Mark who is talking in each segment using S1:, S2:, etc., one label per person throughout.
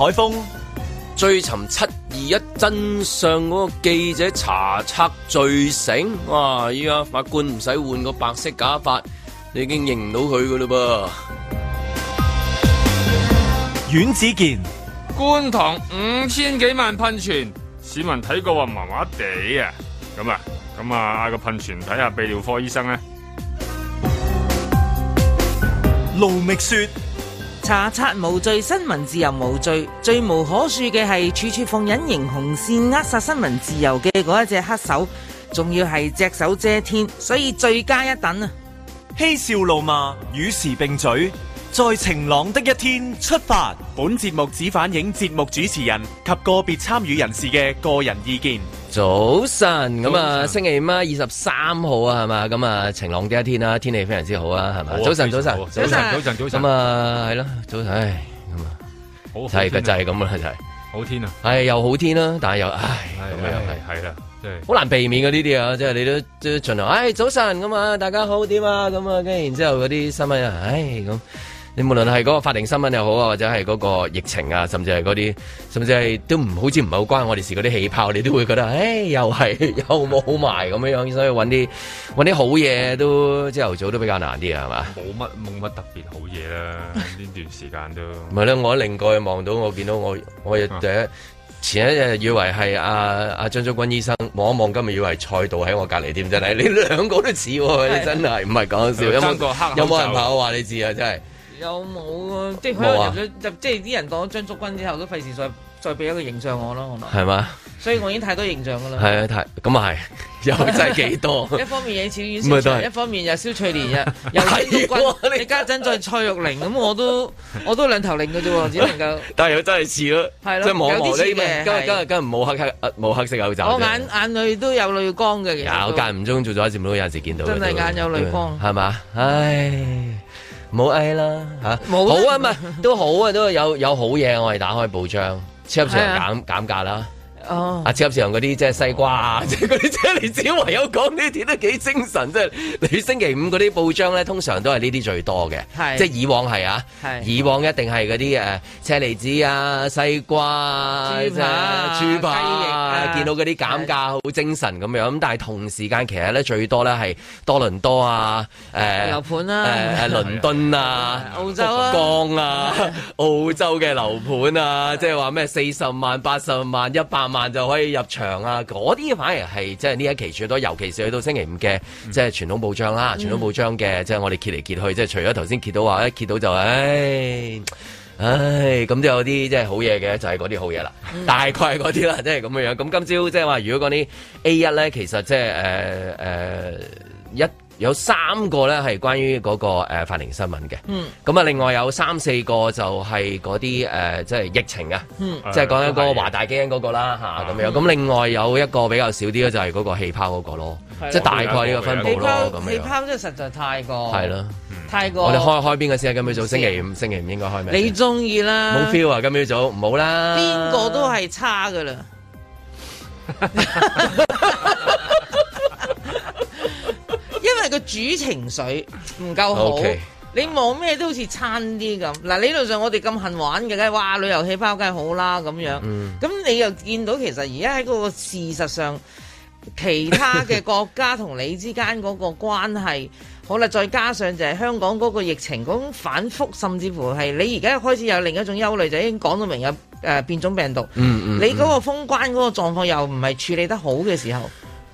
S1: 海峰追尋七二一真相嗰個記者查冊罪成，哇！依家，法官唔使換個白色假髮，你已經認唔到佢噶啦噃。阮子健，觀塘五
S2: 千幾萬噴泉，市民睇過話麻麻地啊！咁啊，咁啊，嗌個噴泉睇下泌尿科醫生咧。
S3: 盧覓雪。查冊無罪，新聞自由無罪，最無可恕嘅係處處放隱形紅線，扼殺新聞自由嘅嗰一隻黑手，仲要係隻手遮天，所以罪加一等啊！嬉笑怒罵，與時並舉，在晴朗的一天出發。本節目只反映節目主持人
S1: 及個別參與人士嘅個人意見。早晨咁啊，早上，星期五啊，二十三號啊，係嘛？咁啊，晴朗嘅一天啦，天氣非常之好，好啊，係嘛？早晨，啊、早晨，早晨，早晨，早晨咁啊，係咯、啊，早晨，唉，咁啊，好，就係噶，就係咁啦，就係好天啊，係、就係啊、又好天啦、啊，但係又唉，咁又係係啦，即係好難避免嘅呢啲啊，即係你都都盡量，唉，早晨咁啊，大家好點啊，咁啊，跟住然之後嗰啲新聞啊，唉，咁。你無論係嗰個法庭新聞又好啊，或者係嗰個疫情啊，甚至係嗰啲，甚至係都唔好似唔係好關我哋事嗰啲氣泡，你都會覺得誒，又係又冇好埋咁樣樣，所以揾啲揾啲好嘢，都朝頭早都比較難啲啊，係嘛？冇乜冇乜特別
S2: 好嘢啦，呢 段時間都
S1: 唔係我另外望到，我見到我我第一，啊、前一日以為係阿阿張竹君醫生望一望，今日以為賽道喺我隔籬添，真係你兩個都似，真係唔係講笑。有冇人怕我話你知啊？真係。
S3: 有冇？即係可能入咗入，即係啲人講咗張竹君之後，都費事再再俾一個形象我咯，可能係嘛？所以我已經太多形象噶啦。係
S1: 啊，太咁啊，係又真係幾多？一方
S3: 面嘢似於，一方面又肖翠蓮，又又張竹君，你家陣再蔡玉玲，咁我都我都兩頭靈噶啫喎，只能夠。
S1: 但係又真係似咯，即係冇模啲嘅，今日今日今日冇黑冇黑色口罩。我眼
S3: 眼淚都有淚光嘅。有間
S1: 唔中做咗一節目都有陣時見到。真係眼有淚光。係嘛？唉。唔好哀啦嚇，啊好啊，咪都好啊，都有有好嘢，我哋打開報章，超市 減減價啦。哦，啊！超級市場啲即係西瓜啊，即係嗰啲車釐子唯有講呢啲都幾精神，即係你星期五啲報章咧，通常都係呢啲最多嘅，即係以往係啊，以往一定係啲誒車厘子啊、西瓜啊，豬扒豬扒，見到啲減價好精神咁樣。咁但係同時間其實咧最多咧係多倫多啊、誒樓盤啦、誒倫敦啊、澳
S3: 洲啊、江
S1: 啊、澳洲嘅樓盤啊，即係話咩四十萬、八十萬、一百萬。就可以入場啊！嗰啲反而係即係呢一期最多，尤其是去到星期五嘅，即係傳統報章啦，嗯、傳統報章嘅即係我哋揭嚟揭去，即係除咗頭先揭到話，一揭到就唉唉，咁都有啲即係好嘢嘅，就係嗰啲好嘢啦，大概嗰啲啦，即係咁樣樣。咁今朝即係話，如果嗰啲 A1 咧，其實即係誒誒一。有三個咧係關於嗰個誒法庭新聞嘅，咁啊另外有三四個就係嗰啲誒即係疫情啊，即係講緊嗰個華大基因嗰個啦嚇，咁樣咁另外有一個比較少啲咧就係嗰個氣泡嗰個咯，即係大概呢個分佈咯咁樣。氣泡氣
S3: 泡真係實在太過，係咯，太過。我哋開
S1: 開邊個先啊？今朝早星期五星期五應該開咩？你
S3: 中意啦。冇
S1: feel 啊！今朝早唔好啦。邊個都
S3: 係差㗎啦。個主情緒唔夠好，Okay. 你望咩都好似差啲咁。嗱，理論上我哋咁恨玩嘅，梗係哇旅遊氣泡梗係好啦咁樣。咁、mm. 你又見到其實而家喺嗰個事實上，其他嘅國家同你之間嗰個關係， 好啦，再加上就係香港嗰個疫情嗰種反覆，甚至乎係你而家開始有另一種憂慮，就已經講到明有誒變種病毒。Mm hmm. 你嗰個封關嗰個狀況又唔係處理得好嘅時候。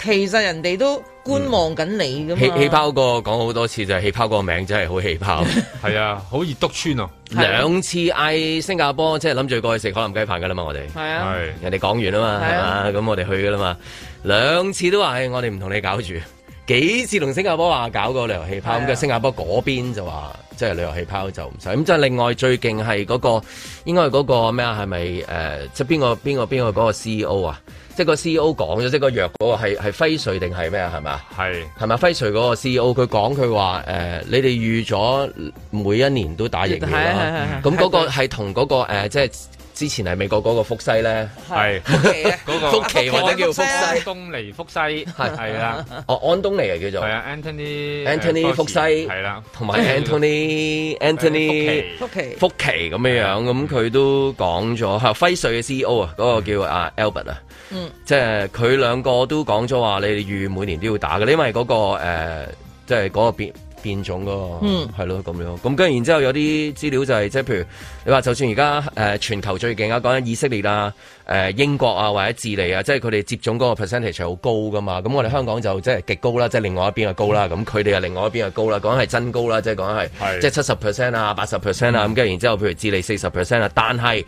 S3: 其實人哋都觀望緊你咁、嗯。氣泡
S1: 個講好多次就係、是、氣泡個名真係好氣泡，係啊，好易篤穿啊！兩次嗌新加坡，即係諗住過去食海南雞飯噶啦嘛，我哋係啊，係人哋講完啊嘛，係啊。咁我哋去噶啦嘛，兩次都話係我哋唔同你搞住，幾次同新加坡話搞個旅遊氣泡咁，嘅、啊、新加坡嗰邊就話即係旅遊氣泡就唔使咁。即係另外最勁係嗰個，應該係嗰個咩啊？係咪誒？即係邊個邊個邊個嗰個 CEO 啊？即係個 C E O 講咗，即係個藥嗰個係係輝瑞定係咩啊？係嘛？係係咪輝瑞嗰個 C E O？佢講佢話誒，你哋預咗每一年都打疫苗嘅啦。咁嗰個係同嗰個誒，即係之前係美國嗰個福西咧。係福奇，福奇叫福西，
S2: 東尼福西係啦。
S1: 哦，安東尼啊，叫做安啊，Anthony Anthony 福西係啦，同埋 Anthony Anthony 福奇福奇咁樣樣咁，佢都講咗，係輝瑞嘅 C E O 啊，嗰個叫啊 Albert 啊。嗯，即係佢兩個都講咗話，你哋預每年都要打嘅，因為嗰、嗰個誒，即係嗰個變變種嗰個嗯係咯咁樣。咁跟住然之後有啲資料就係，即係譬如你話就算而家誒全球最勁啊，講緊以色列啊、誒、呃、英國啊或者智利啊，即係佢哋接種嗰個 percentage 好高噶嘛。咁我哋香港就即係極高啦，即係另外一邊嘅高啦。咁佢哋又另外一邊嘅高啦，講緊係真高啦，是即係講緊係即係七十 percent 啊、八十 percent 啊。咁跟住然之後，譬如智利四十 percent 啊，但係。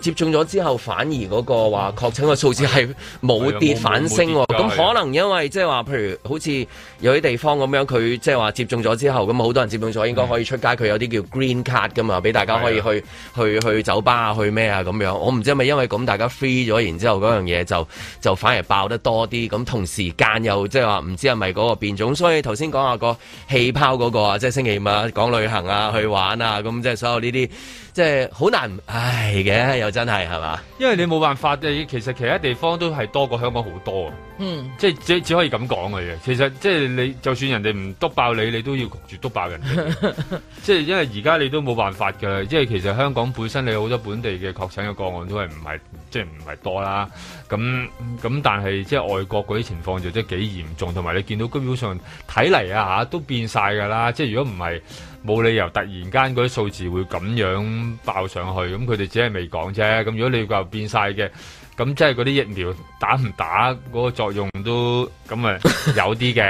S1: 接種咗之後反而嗰個話確診嘅數字係冇跌反升喎。咁可能因為即係話譬如好似有啲地方咁樣，佢即係話接種咗之後咁好多人接種咗，應該可以出街。佢有啲叫 Green Card 咁啊，俾大家可以去去去,去,去,去酒吧去啊，去咩啊咁樣我唔知係咪因為咁，大家 free 咗，然之後嗰樣嘢就就反而爆得多啲。咁同時間又即係話唔知係咪嗰個變種，所以頭先講下個氣泡嗰個啊，即係星期五講、啊、旅行啊，去玩啊，咁即係所有呢啲，即係好難，唉嘅真係係嘛？因為你冇
S2: 辦法，你其實其他地方都係多過香港好多。嗯，即，即係只只可以咁講嘅嘢。其實即係你就算人哋唔督爆你，你都要焗住督爆人。 即係因為而家你都冇辦法噶，因為即係其實香港本身你好多本地嘅確診嘅個案都係唔係即係唔係多啦。咁咁但係即係外國嗰啲情況就即幾嚴重，同埋你見到基本上睇嚟啊吓都變晒噶啦。即係如果唔係。冇理由突然間嗰啲數字會咁樣爆上去，咁佢哋只係未講啫。咁如果你話變晒嘅。咁即係嗰啲疫苗打唔打嗰個作用都咁啊，有啲
S1: 嘅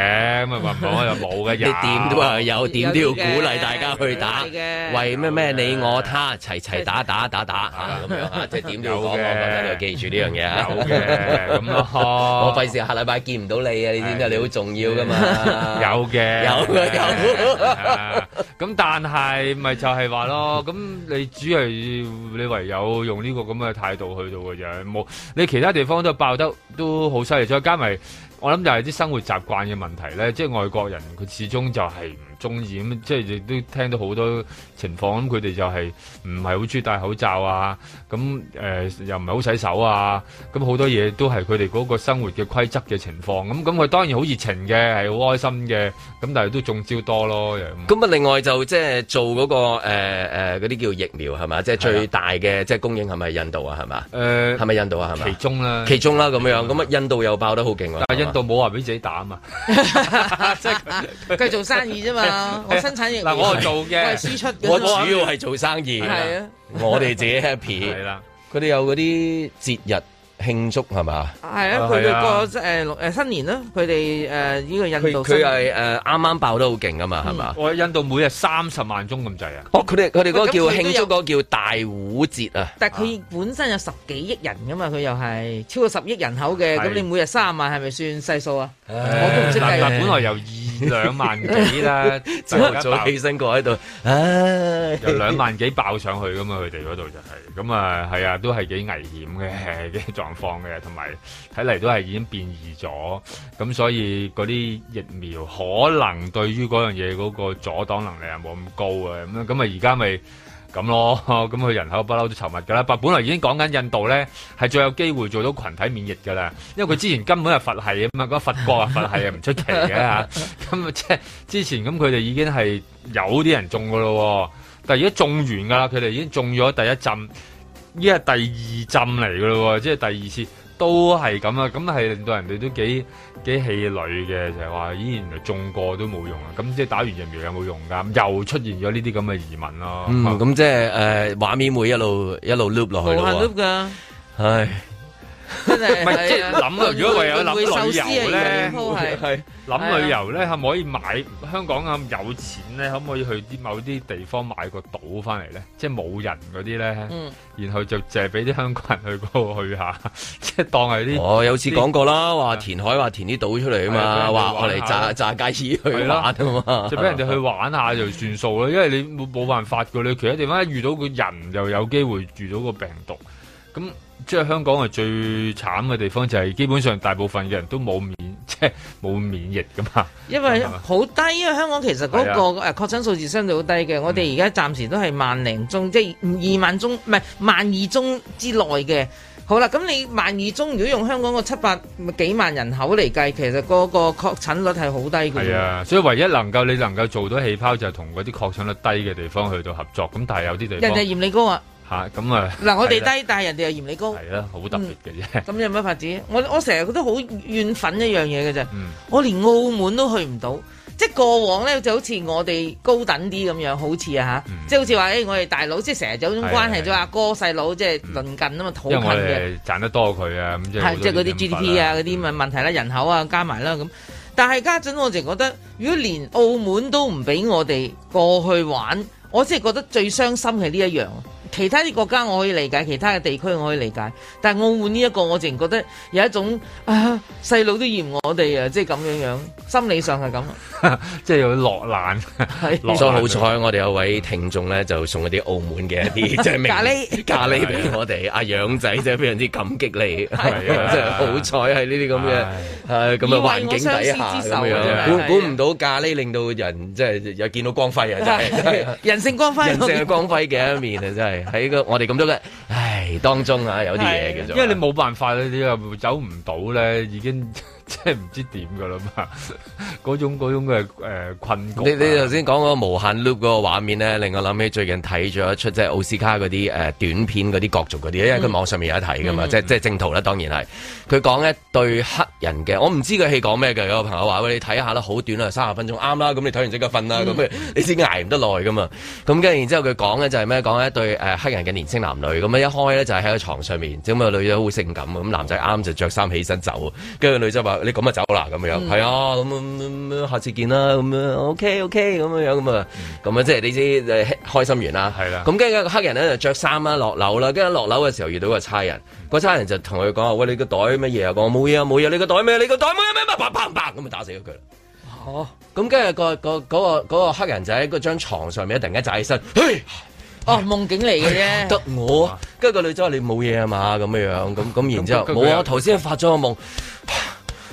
S1: 咁啊，
S3: 話唔講又冇嘅，你點都係
S1: 有，
S2: 點都要鼓勵大家去打，
S1: 為咩咩你我他齊齊打打打打吓咁樣，即係點都要我覺得你要記住呢樣嘢，有嘅咁啊，我費事下禮拜見唔到你啊，你知唔知你好重要噶嘛？有嘅，有嘅有。
S2: 咁但係咪就係話咯？咁你主要你唯有用呢個咁嘅態度去到嘅樣，冇。你其他地方都爆得都好犀利，再加埋我諗就係啲生活習慣嘅問題咧，即係外國人佢始終就唔、係中意咁，即係亦都聽到好多情況，咁佢哋就係唔係好中意戴口罩啊？咁、呃、誒又唔係好洗手啊？咁、啊、好多嘢都係佢哋嗰個生活嘅規則嘅情況。咁咁佢當然好熱情嘅，
S1: 係好開心嘅。咁但係都中招多咯。咁啊，另外就即係做嗰、嗰個誒嗰啲叫疫苗係嘛？即係最大嘅是、啊、即係供應係咪印度啊？係嘛？誒係咪印度啊？係咪？其中啦，其中啦咁樣。咁啊，印度又爆得好勁喎。但印度冇話俾自己打啊嘛，
S3: 佢 做生意啫嘛。我生產業嗱，我做嘅，我輸出。我主要係做生意。係啊，
S1: 我哋自己 happy 係啦，佢哋有嗰啲節日慶祝係嘛？係啊，佢哋個
S3: 誒誒新年啦，佢哋誒呢個印度佢佢係
S1: 誒啱啱爆得好勁啊嘛，係嘛？我印度每日三十萬宗咁滯啊！哦，佢哋佢哋嗰個叫慶祝嗰個叫大壺節啊！
S3: 但係佢本身有十幾億人噶嘛，佢又係超過十億人口嘅，咁你每日三十萬係咪算細數啊？我都
S1: 唔識計。本來由兩萬幾啦，早 早起身過喺度，唉，由
S4: 兩萬
S2: 幾爆上去噶嘛，佢哋嗰度就係、是，咁啊係啊，都係幾危險嘅嘅狀況嘅，同埋睇嚟都係已經變異咗，咁所以嗰啲疫苗可能對於嗰樣嘢嗰個阻擋能力啊冇咁高啊，咁咪，咁啊而家咪。咁咯，咁佢人口不嬲都稠密噶啦，但本來已經講緊印度咧係最有機會做到群體免疫噶啦，因為佢之前根本係佛係啊嘛，佛國啊佛係啊唔出奇嘅吓，咁即係之前咁佢哋已經係有啲人種噶咯，但係而家種完噶啦，佢哋已經種咗第一浸，依家係第二浸嚟噶咯，即係第二次。都係咁啊，咁係令到人哋都幾幾氣餒嘅，就係話原來中過過都冇用啊，咁即係打完疫苗有冇用㗎？又出現咗呢啲咁嘅疑問
S1: 咯。嗯，咁即係誒畫面會一路一路 loop 落去喎。冇限 loop 㗎，係。
S3: 真係，唔係即係諗啊！如果唯有諗旅遊咧，諗、啊、旅
S2: 遊咧，可唔可以買香港咁有錢咧？可唔可以去啲某啲地方買個島翻嚟咧？即係冇人嗰啲咧，嗯、然後就淨係俾啲香港人去嗰度去下，
S1: 即係當係啲我有次講過啦，話填些海話填啲島出嚟啊嘛，話嚟、啊、炸炸雞去啦、啊，就俾人哋去
S2: 玩下就算數啦， 因為你冇冇辦法噶，你其他地方一遇到個人就有機會遇到個病毒咁。即係香港係最慘嘅地方，就係基本上大部分嘅人都冇免，即係冇免疫噶
S3: 嘛。因為好低，啊，因為香港其實嗰個誒確診數字相對好低嘅。係啊，我哋而家暫時都係萬零宗，嗯、即係二萬宗，唔係萬二宗之內嘅。好啦，啊，咁你萬二宗，如果用香港個七百幾萬人口嚟計，其實嗰個確診率係好低嘅。係啊，
S2: 所以唯一能夠你能夠做到氣泡，就係同嗰啲確診率低嘅地方去到合作。咁但係有啲地方人哋嫌你高，啊嚇咁啊！嗱，我哋低，
S3: 但係人哋又嫌你高。係
S2: 咯，好特別嘅啫。
S3: 咁有咩發展？我我成日覺得好怨憤一樣嘢嘅啫。我連澳門都去唔到，即係過往咧就好似我哋高等啲咁樣，好似啊嚇，即係好似話誒，我哋大佬即係成日有種關係，即係阿哥細佬即係鄰近啊嘛，土近嘅。因為我哋
S2: 賺得多佢啊，咁即係即係嗰啲 GDP 啊嗰
S3: 啲問問題啦，人口啊加埋啦咁。但係家陣我就覺得，如果連澳門都唔俾我哋過去玩，我真係覺得最傷心係呢一樣。其他啲國家我可以理解，其他嘅地區我可以理解，但係澳門呢一個，我淨覺得有一種啊細路都嫌我哋啊，即係咁樣樣，心理上係咁，
S1: 即係要落難所好彩，我哋有位聽眾咧，就送一啲澳門嘅一啲即係咖喱咖喱俾我哋。阿養仔真係非常之感激你，即係好彩喺呢啲咁嘅咁嘅環境底下咁樣，估唔到咖喱令到人即係有見到光輝啊！真係
S3: 人性光輝，人性
S1: 光輝嘅一面啊！真喺個我哋咁多嘅唉當中啊，有啲嘢嘅，因為你
S2: 冇辦法咧，你又走唔到咧，已經。即係唔知點噶啦嘛，嗰種嗰種嘅誒、呃、困局、啊你。你你頭先
S1: 講嗰個無限 loop 嗰、嗰個畫面咧，令我諗起最近睇咗一出即係奧斯卡嗰啲誒短片嗰啲角逐嗰啲，因為佢網上面有得睇噶嘛，嗯、即係即係正圖啦，當然係。佢講一對黑人嘅，我唔知佢戲講咩嘅。有個朋友話喂，你睇下啦，好短啊，三十分鐘，啱啦，咁你睇完即刻瞓啦，咁、嗯、你先挨唔得耐噶嘛。咁跟住然之後佢講嘅就係咩，講一對誒黑人嘅年輕男女，咁啊一開咧就係喺個床上面，咁啊女仔好性感，咁男仔啱就着衫起身走，跟住女仔話。你咁就走啦咁樣，係啊，咁咁咁，下次見啦，咁 O K O K，咁樣樣，咁啊，咁啊，即係你知，開心完啦，係啦。咁跟住個黑人咧就着衫啦，落樓啦。跟住落樓嘅時候遇到個差人，個差人就同佢講話：喂，你個袋乜嘢啊？講冇嘢，冇嘢，你個袋咩？你個袋咩咩咩嘭嘭咁就打死咗佢啦！咁跟住個個個個黑人就喺個張床上面突然間站起身，
S3: 嘿，哦，夢境嚟嘅啫。
S1: 得我。跟住個女仔話：你冇嘢啊嘛？咁樣樣，咁咁然之後冇啊。頭先發咗個夢。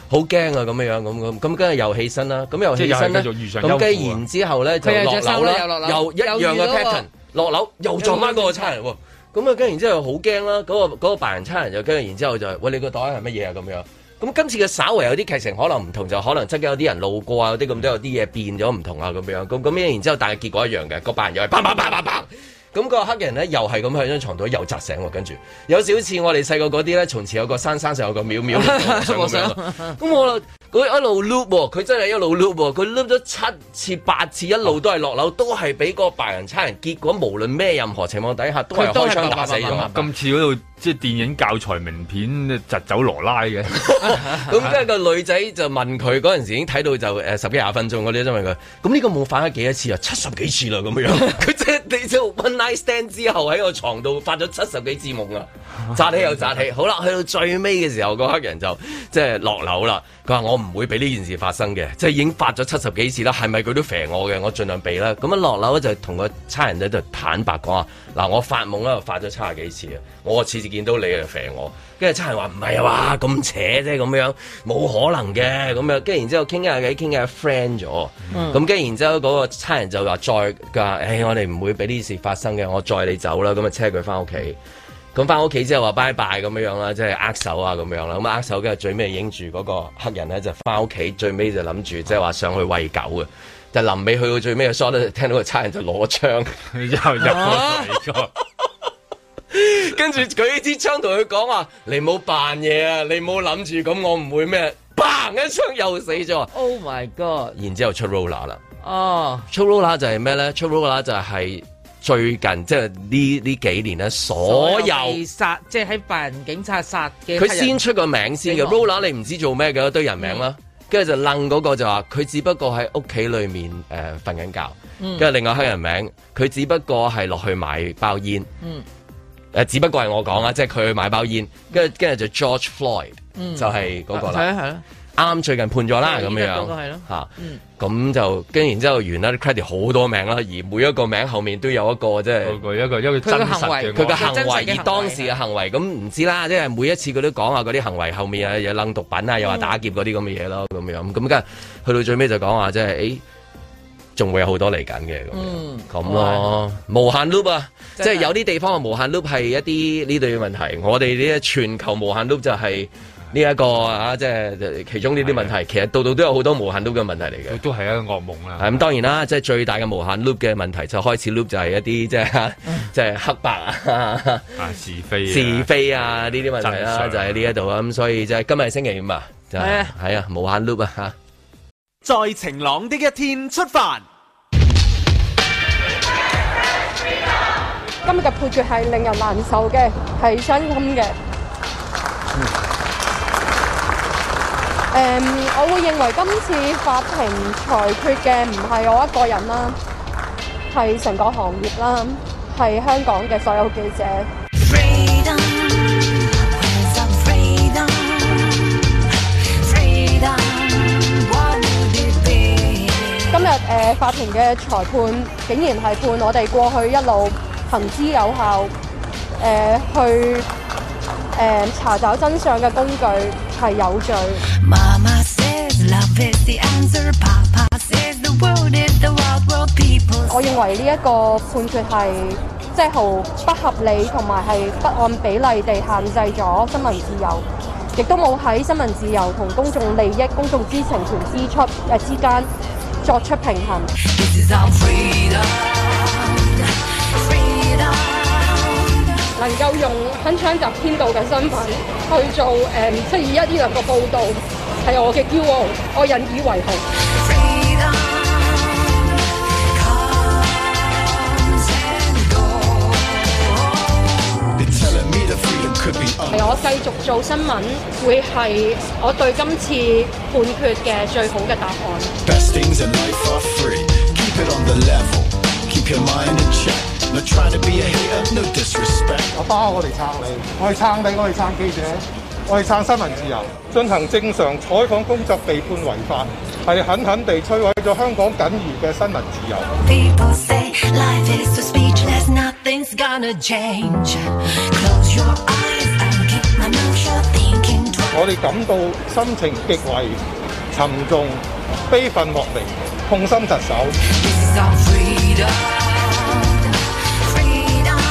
S1: 好驚啊！咁樣樣，咁咁咁，跟住又起身啦、啊，咁又起身咧、啊，咁跟、啊、然之後咧就落樓啦、啊，又一樣嘅 pattern，落樓又撞翻嗰個差、那個、人喎，咁啊跟然之後好驚啦，嗰個白人差人又跟住，然之後就喂你個袋係乜嘢啊咁樣，咁今次嘅稍為有啲劇情可能唔同就可能真嘅有啲人路過啊，有啲咁多有啲嘢變咗唔同啊咁樣，咁咁然之後但係結果一樣嘅個白人又係啪啪啪。砰砰，砰。 咁個黑人咧，又係咁喺張床度，又扎醒喎、啊。跟住有少似我哋細個嗰啲咧，從前有個山，山，山上有個廟廟。咁 我佢 一路 loop 喎、啊，佢真係一路 loop 喎、啊，佢 loop 咗七次八次，一路都係落樓，都係俾個白人差人。結果無論咩任何情況底下，都係開槍打死咗。今次嗰度。即係電影教材名片《疾走羅拉》嘅、 嗯，咁跟係個女仔就問佢嗰陣時已經睇到就誒十幾廿分鐘，嗰啲，都問佢，咁呢個夢發咗幾多次啊？ 七十幾次啦，咁樣。佢即係你就 one night stand 之後喺個床度發咗七十幾次夢啊，詐起 又詐起。好啦，去到最尾嘅時候，個黑人就即係落樓啦。佢話我唔會俾呢件事發生嘅，即係已經發咗七十幾次啦。係咪佢都肥我嘅？我盡量避啦。咁啊落樓就同個差人仔就坦白講啊，嗱我發夢咧發咗七十幾次啊。我次次見到你嚟肥我，跟住差人話唔係啊嘛，咁扯啫咁樣，冇可能嘅咁樣。跟住然之後傾下偈，傾下 friend 咗。咁跟住然之後嗰個差人就話再，佢話，哎，我哋唔會俾呢事發生嘅，我載你走啦。咁啊，車佢翻屋企。咁翻屋企之後話拜拜咁樣樣啦，即係握手啊咁樣啦。咁握手，跟住最尾影住嗰個黑人咧就翻屋企，最尾就諗住即係話上去餵狗嘅。但係臨尾去到最尾，突然聽到個差人就攞槍，之 後入咗。啊 跟住舉支槍同佢講話，你冇扮嘢啊！你冇諗住咁，我唔會咩？砰！一槍又死咗。Oh
S3: my God！
S1: 然之後出 Rola 啦。哦、oh.，出 Rola 就係咩咧？出 Rola 就係最近即係呢呢幾年咧，所有，所有
S3: 殺即係喺白人警察殺
S5: 嘅。佢先出
S1: 個名先嘅。Rola 你唔看知做咩嘅一堆人名啦。跟住、mm. 就愣嗰個就話，佢只不過喺屋企裏面誒瞓緊覺。跟住、mm. 另外黑人名，佢只不過係落去買包煙。嗯。Mm. 只不過係我講啊，即係佢去買包煙，跟住跟住就 George Floyd，就係嗰個啦。係啊，啱最近判咗啦，咁樣，個係咯嚇。咁就跟然之後完啦，Credit 好多名啦，而每一個名後面都有一個即係一個一個一個真實嘅佢嘅行為而當時嘅行為，咁唔知啦，即係每一次佢都講下，嗰啲行為後面啊有掹毒品啊，又話打劫嗰啲咁嘅嘢咯，咁樣咁跟住去到最尾就講話即係誒。仲會有好多嚟緊嘅咁，咁咯無限 loop 啊！即係有啲地方嘅無限 loop 係一啲呢度嘅問題，我哋呢全球無限 loop 就係呢一個啊！即係其中呢啲問題，其實度度都有好多無限 loop 嘅問題嚟嘅，都係一個噩夢啦。咁當然啦，即係最大嘅無限 loop 嘅問題就開始 loop 就係一啲即係即係黑白啊是非是非啊呢啲問題啦，就喺呢一度咁，所以就係今日星期五啊，就係係啊無限 loop 啊嚇！
S6: 在晴朗的一天出發。
S5: 今日嘅判決係令人難受嘅，係傷心嘅。Um, 我會認為今次法庭裁決嘅唔係我一個人啦，係成個行業啦，係香港嘅所有記者。今日，呃，法庭嘅裁判竟然係判我哋過去一路行之有效，呃，去，呃，查找真相嘅工具係有罪。我認為呢一個判決係即係好不合理，同埋係不按比例地限制咗新聞自由，亦都冇喺新聞自由同公眾利益、公眾知情權、支出之間。作出平衡
S4: ，freedom, freedom,
S5: freedom。能夠用鏗鏘集編導嘅身份去做誒，七二一呢兩個報導係我嘅驕傲，我引以為豪。係我繼續做新聞，會係我對今次判決嘅最好嘅答
S4: 案。我包我
S5: 嚟撐你，我嚟撐你，我嚟撐記者，我嚟撐新聞自由。進行正常採訪工作被判違法，係狠狠地摧毀咗香港僅餘嘅新聞自由。我哋感到心情極為沉重、悲憤莫名、痛心疾首。Freedom,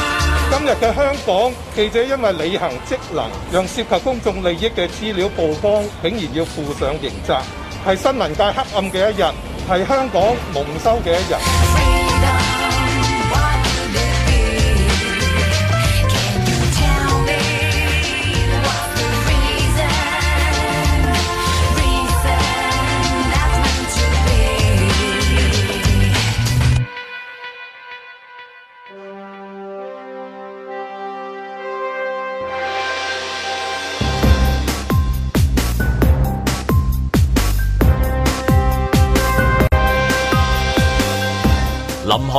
S5: freedom, 今日嘅香港記者因為履行職能，讓涉及公眾利益嘅資料曝光，竟然要負上刑責，係新聞界黑暗嘅一日，係香港蒙羞嘅一日。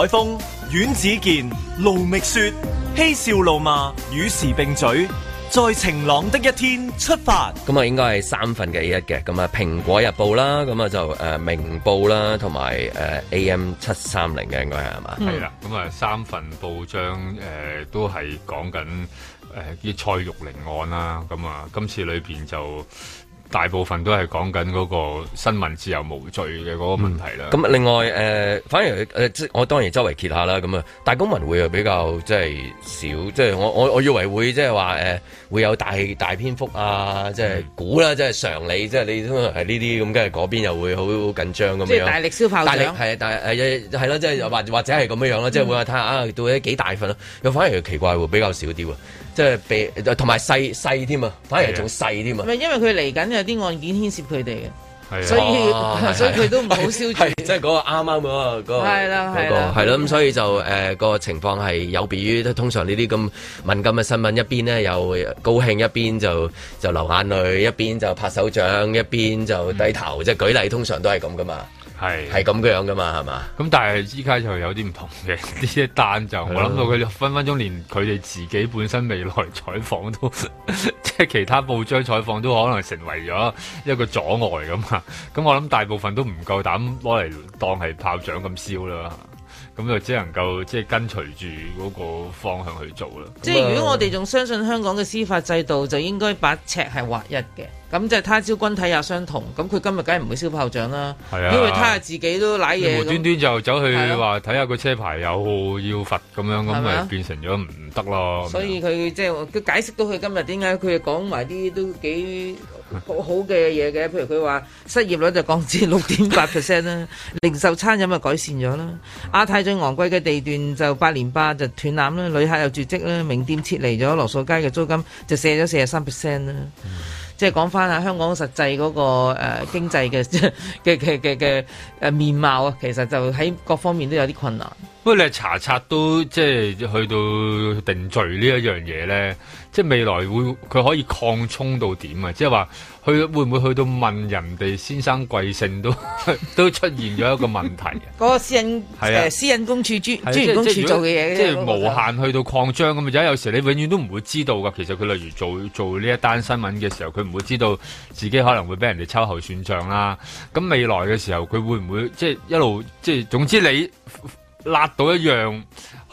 S1: 海峰、阮子健、盧覓雪、嬉笑怒罵、與時並嘴，在晴朗的一天出發。咁啊，應該係三份嘅一嘅，咁啊，《蘋果日報》啦，咁啊就誒《明報》啦，同埋誒《AM 七三零》嘅應該係，係嘛？係啊，咁啊三份報章誒
S2: 都係講緊誒啲蔡玉玲案啦。咁啊，今次裏邊就。大部分都係講緊嗰個新聞自由無罪
S1: 嘅嗰個問題啦。咁、嗯、另外，誒、呃、反而誒、呃，我當然周圍揭下啦。咁啊，大公民會又比較即係少，即係我我我以為會即係話誒，會有大大篇幅啊，即係估啦，嗯、即係常理，即係你都係呢啲咁，跟住嗰邊又會好好緊張咁樣，樣。即係大力燒炮仗，大係、嗯、啊，係係咯，即係或或者係咁樣樣咯，即係會話睇下啊，到底幾大份咯？又反而奇怪喎，會比較少啲喎。即係被同埋細細添啊，反而仲細添啊。唔係
S3: 的因為佢嚟緊有啲案件牽涉佢哋嘅，
S1: 所以所以佢都唔好消著。即係嗰個啱啱嗰個嗰個係啦，係啦，係啦，咁所以就誒個情況係有別於通常呢啲咁敏感嘅新聞，一邊呢又高興一邊就就流眼淚，一邊就拍手掌，一邊就低頭。嗯、即係舉例，通常都係咁噶嘛。係係咁樣噶嘛，係嘛？咁但係依家就有啲唔同嘅呢一單就，就的
S2: 我諗到佢哋分分鐘連佢哋自己本身未來採訪都，即 係其他報章採訪都可能成為咗一個阻礙咁啊！咁我諗大部分都唔夠膽攞嚟當係炮仗咁燒啦。咁就只能夠即係跟隨住嗰個方向去做啦。即係是、嗯、如果我哋
S3: 仲相信香港嘅司法制度，就應該把尺係劃一嘅。咁即係他朝君體也相同。咁佢今日梗係唔會燒炮仗啦。啊、因為他日自己都瀨嘢。無端
S2: 端就走去話睇下個車牌有號要罰咁樣，咁咪、啊、變成咗唔得咯。所以
S3: 佢即係佢解釋到佢今日點解佢講埋啲都幾。好好嘅嘢嘅，譬如佢話失業率就降至六點八 percent 啦，零售餐飲又改善咗啦。亞太最昂貴嘅地段就八連霸就斷纜啦，旅客又絕跡啦，名店撤離咗，羅素街嘅租金就卸咗四十三 percent 啦。嗯、即係講翻下香港實際嗰、嗰個誒、呃、經濟嘅嘅嘅嘅嘅誒面貌啊，其實就喺各方面都有啲困難。
S2: 如果你查冊都即係去到定罪呢一樣嘢咧，即係未來，會佢可以擴充到點啊？即係話去會唔會去到問人哋先生貴姓都 都出現咗一個問題？嗰
S3: 個私隱誒、啊、私隱公署專，專員公署做嘅嘢，即係無限
S2: 去到擴張咁，就有時你永遠都唔會知道噶。其實佢例如做做呢一單新聞嘅時候，佢唔會知道自己可能會俾人哋秋後算賬啦。咁未來嘅時候，佢會唔會即係一路即係總之你？辣到一樣。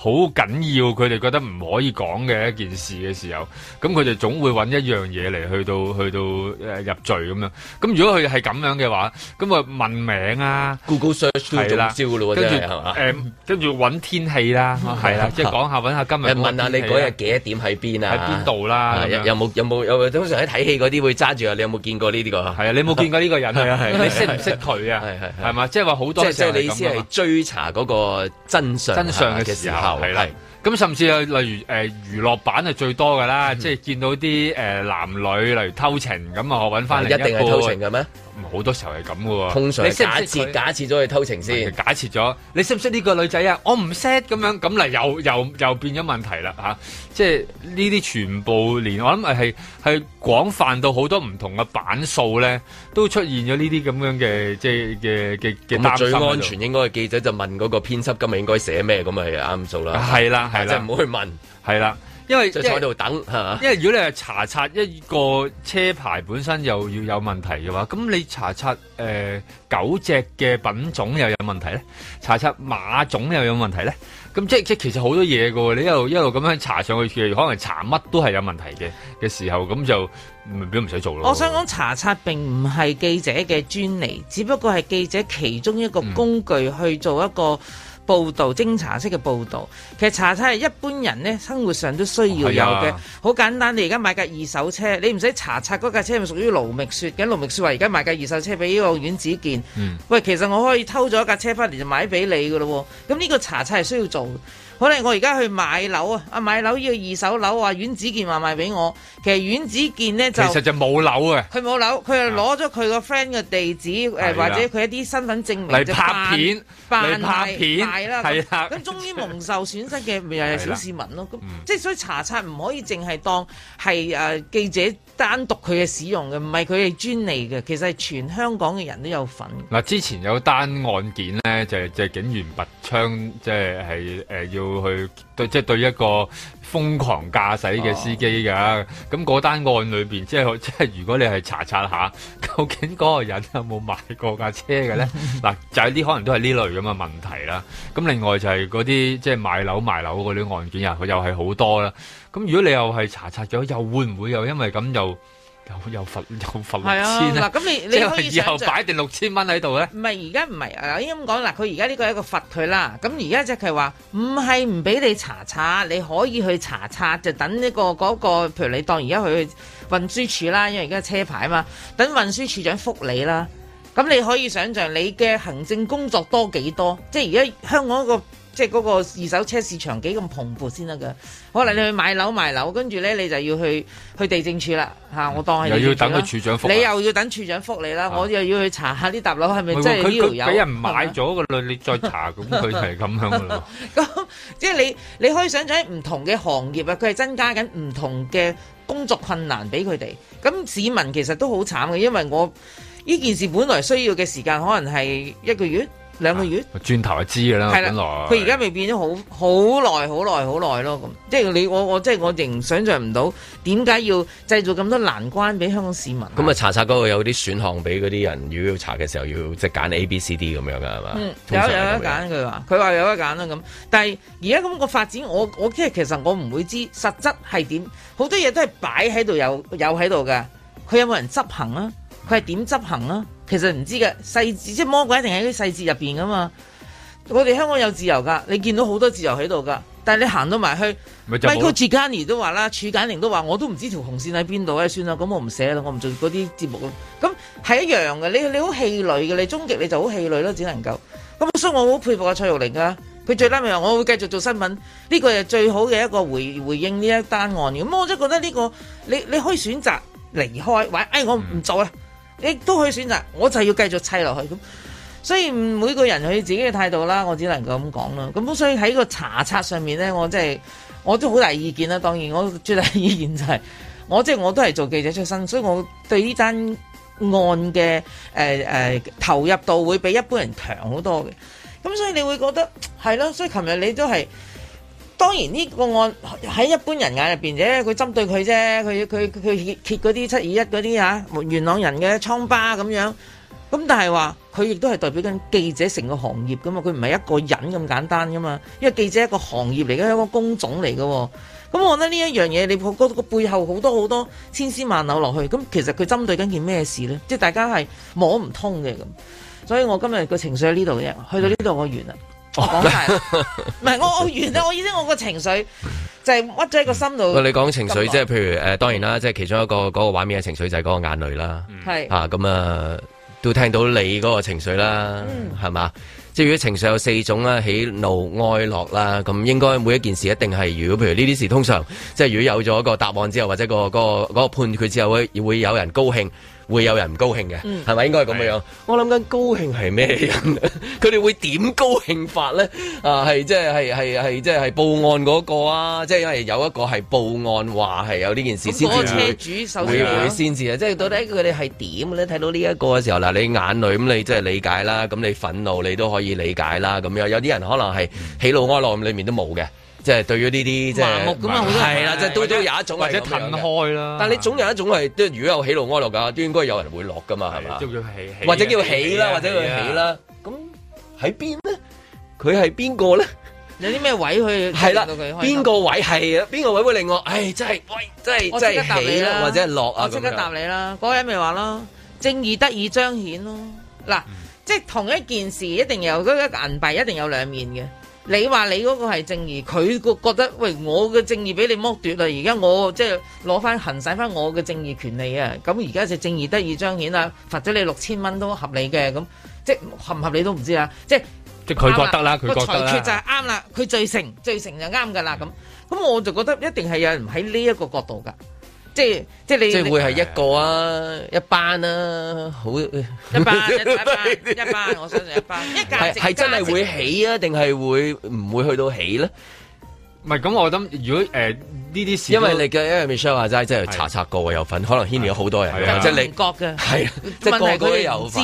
S2: 好緊要佢哋覺得唔可以講嘅一件事嘅時候，咁佢哋總會揾一樣嘢嚟去到去到入罪咁樣。咁如果佢係咁樣嘅話，咁啊問名啊
S1: ，Google search 都中招嘅咯，真係係
S2: 嘛？跟住揾天氣啦，係啦，即係講
S1: 下揾下今日，問下你嗰日幾多點喺邊啊？喺邊度啦？有冇有冇有？通常喺睇戲嗰啲會揸住啊，你有冇見過呢啲個？係啊，你冇見過呢個人啊？你識唔識佢啊？係嘛？即係話好多時，即係你意思係追查嗰個真相真相嘅時候。係啦，
S2: 咁甚至係例如誒、呃、娛樂版係最多噶啦，嗯、即係見到啲誒、呃、男女，例如偷情咁啊，揾翻另一伴。一定係偷情咁咩？好多時候係咁喎，通常，你假設你認認假設咗去偷情先，假設咗，你識唔識呢個女仔啊？我唔識咁樣，咁嚟又又又變咗問題啦、吓、即係呢啲全部連我諗係係廣泛到好多唔同嘅版數咧，都出現咗呢啲咁樣嘅即係嘅嘅嘅
S1: 擔心。咁最安全應該記者就問嗰個編輯，今日應該寫咩？咁咪啱數啦，係啦係啦，唔好去問，係啦。因為即坐喺度等，因為如果你係查冊一個
S2: 車牌本身又要有問題嘅話，咁你查冊誒、呃、九隻嘅品種又有問題咧，查冊馬種又有問題咧，咁即係即係其實好多嘢嘅，你一路一路咁樣查上去，可能查乜都係有問題嘅嘅時候，咁就未必唔使做咯。我
S3: 想講查冊並唔係記者嘅專利，只不過係記者其中一個工具去做一個、嗯。報道偵查式嘅報道，其實查冊係一般人咧生活上都需要有嘅，好、哦、簡單。你而家買架二手車，你唔使查冊嗰架車係屬於盧銘説，緊盧銘説話而家買架二手車俾我阮子健，嗯、喂，其實我可以偷咗一架車翻嚟就買俾你嘅咯喎，咁呢個查冊係需要做。可能我而家去買樓啊，啊買樓要二手樓啊，阮子健話賣俾我。其實阮子健咧就其實就冇樓啊，佢冇樓，佢就攞咗佢個 friend 嘅地址，誒或者佢一啲身份證明嚟拍片，嚟拍片啦，係啦。咁終於蒙受損失嘅咪又係小市民咯。咁即係所以查冊唔可以淨係當係誒記者單獨佢嘅使用嘅，唔係佢係專利嘅，其實係全香港嘅人都有份。
S2: 嗱，之前有單案件咧，就係就係警員拔槍，即係係誒要。會去對即係對一個瘋狂駕駛嘅司機嘅，咁嗰單案裏邊，即係即係如果你係查冊下，究竟嗰個人有冇買過架車嘅咧？嗱， 就係啲可能都係呢類咁嘅問題啦。咁另外就係嗰啲即係買樓賣樓嗰啲案件啊，佢又係好多啦。咁如果你又係查冊咗，又會唔會有因為咁就？有又罰又罰六千啊嗱，咁你你可以,以後擺定六千蚊喺度咧？
S3: 唔係，而家唔係我應該咁講嗱，佢而家呢個係一個罰佢啦。咁而家即係話唔係唔俾你查冊，你可以去查冊，就等呢、這個嗰、那個，譬如你當而家去運輸署啦，因為而家車牌啊嘛，等運輸署長覆你啦。咁你可以想象你嘅行政工作多幾多？即係而家香港個。即係嗰個二手車市場幾咁蓬勃先得㗎，可能你去買樓賣樓，跟住咧你就要去去地政處啦吓，我當又要等佢處長覆，你又要等處長覆你啦，啊、我又要去查一下啲搭樓係咪真係呢條友俾人買咗
S2: 嘅啦，吧你再查咁佢係咁樣嘅咯。
S3: 咁 即係你你可以想像唔同嘅行業啊，佢係增加緊唔同嘅工作困難俾佢哋。咁市民其實都好慘嘅，因為我呢件事本來需要嘅時間可能係一個月。兩個月、
S2: 啊，轉頭就知啦。係啦的，佢而家
S3: 未變咗好，好耐的，好耐，好耐咯。咁即係你，我我即係我仍想像唔到點解要製造咁多難關俾香港市民。咁
S1: 啊、嗯，嗯、查查嗰個有啲選項俾嗰啲人，如果要查嘅時候要即係揀 A、B、C、D 咁樣噶係
S3: 嘛？有得有得揀，佢話，佢話有得揀啦咁。但係而家咁個發展，我我即係其實我唔會知實質係點。好多嘢都係擺喺度，有有喺度嘅。佢有冇人執行啦？佢係點執行啦？其實唔知嘅細節，即係魔鬼一定喺啲細節入邊噶嘛。我哋香港有自由㗎，你見到好多自由喺度㗎。但係你行到埋去，Michael Chugani 都話啦，褚簡寧都話，我都唔知條紅線喺邊度咧。算啦，咁我唔寫啦，我唔做嗰啲節目啦。咁係一樣嘅，你你好氣餒嘅，你終極你就好氣餒咯，只能夠。咁所以我好佩服阿蔡玉玲啊，佢最拉尾話：我會繼續做新聞。呢、這個係最好嘅一個回回應呢一單案。咁我真覺得呢、這個你你可以選擇離開，喂，誒我唔做啊。嗯你都可以選擇，我就要繼續砌落去咁。所以每個人佢自己嘅態度啦，我只能夠咁講啦。咁所以喺個查冊上面呢，我即係我都好大意見啦。當然，我最大意見就係我即係我都係做記者出身，所以我對呢單案嘅誒誒投入度會比一般人強好多嘅。咁所以你會覺得係咯，所以琴日你都係。當然呢個案喺一般人眼入面啫，佢針對佢啫，佢佢佢揭揭嗰啲七二一嗰啲嚇元朗人嘅瘡疤咁樣。咁但係話佢亦都係代表緊記者成個行業㗎嘛，佢唔係一個人咁簡單㗎嘛。因為記者一個行業嚟嘅，一個工種嚟嘅。咁我覺得呢一樣嘢，你個背後好多好多千絲萬縷落去。咁其實佢針對緊件咩事呢？即係大家係摸唔通嘅咁。所以我今日個情緒喺呢度嘅，去到呢度我完啦。 我講唔係我我完啦，我意思我個情緒就係屈咗喺個心度、嗯。你講情緒，即係
S1: 譬如誒，當然啦，即係其中一個嗰、嗰個畫面嘅情緒就係嗰個眼淚啦，係、嗯、啊、咁、嗯、啊、嗯、都聽到你嗰個情緒啦，係嘛、嗯？即係如果情緒有四種起啦，喜怒哀樂啦，咁應該每一件事一定係，如果譬如呢啲事通常即係如果有咗一個答案之後，或者、嗰個、嗰個、嗰個判決之後會會有人高興。會有人唔高興嘅，係咪、嗯、應該係咁嘅樣？的我諗緊高興係咩人？佢 哋會點高興法咧？啊，係即係係係係即係報案嗰個啊！即係有一個係報案話係有呢件事先至會，會先至啊！即係到底佢哋係點咧？睇到呢一個嘅時候，嗱，你眼淚咁，你即係理解啦。咁你憤怒，你都可以理解啦。咁樣有啲人可能係喜怒哀樂咁裏面都冇嘅。即係對於呢啲，即係麻木咁啊！好多係啦，即係都都有一種，或者騰開啦。但係你總有一種係，即係如果有喜怒哀樂噶，都應該有人會落㗎嘛，係嘛？
S6: 或者叫起啦，或者叫起啦。
S3: 咁
S1: 喺邊咧？佢係邊個咧？
S3: 有啲咩位去？係啦，邊個
S1: 位係啊？邊個位會令我？唉，真
S3: 係即係真係起啦，或者係落啊？我即刻答你啦！嗰個人咪話咯，正義得以彰顯咯。嗱，即係同一件事，一定有嗰個銀幣，一定有兩面嘅。你話你嗰個係正義，佢個覺得喂，我嘅正義俾你剝奪啦，而家我即係攞翻行使翻我嘅正義權利啊！咁而家就正義得以彰顯啦，罰咗你六千蚊都合理嘅，咁即係合唔合理都唔知啊。即係佢即係覺得啦，佢覺得啦，個裁決就係啱啦，佢罪成，罪成就啱噶啦咁，咁、嗯、我就覺得一定係有人喺呢一個角度噶。即即你即會係一個啊，一班啦，好一班一班一班，我相信一班。一係真係會起
S1: 啊，定係會唔會去到起咧？唔係咁，我諗如果誒。呢啲事，因為你嘅 Michelle 話齋，即係查察過有份，可能牽連咗好多人。即係唔覺嘅，
S3: 係即係個個都有份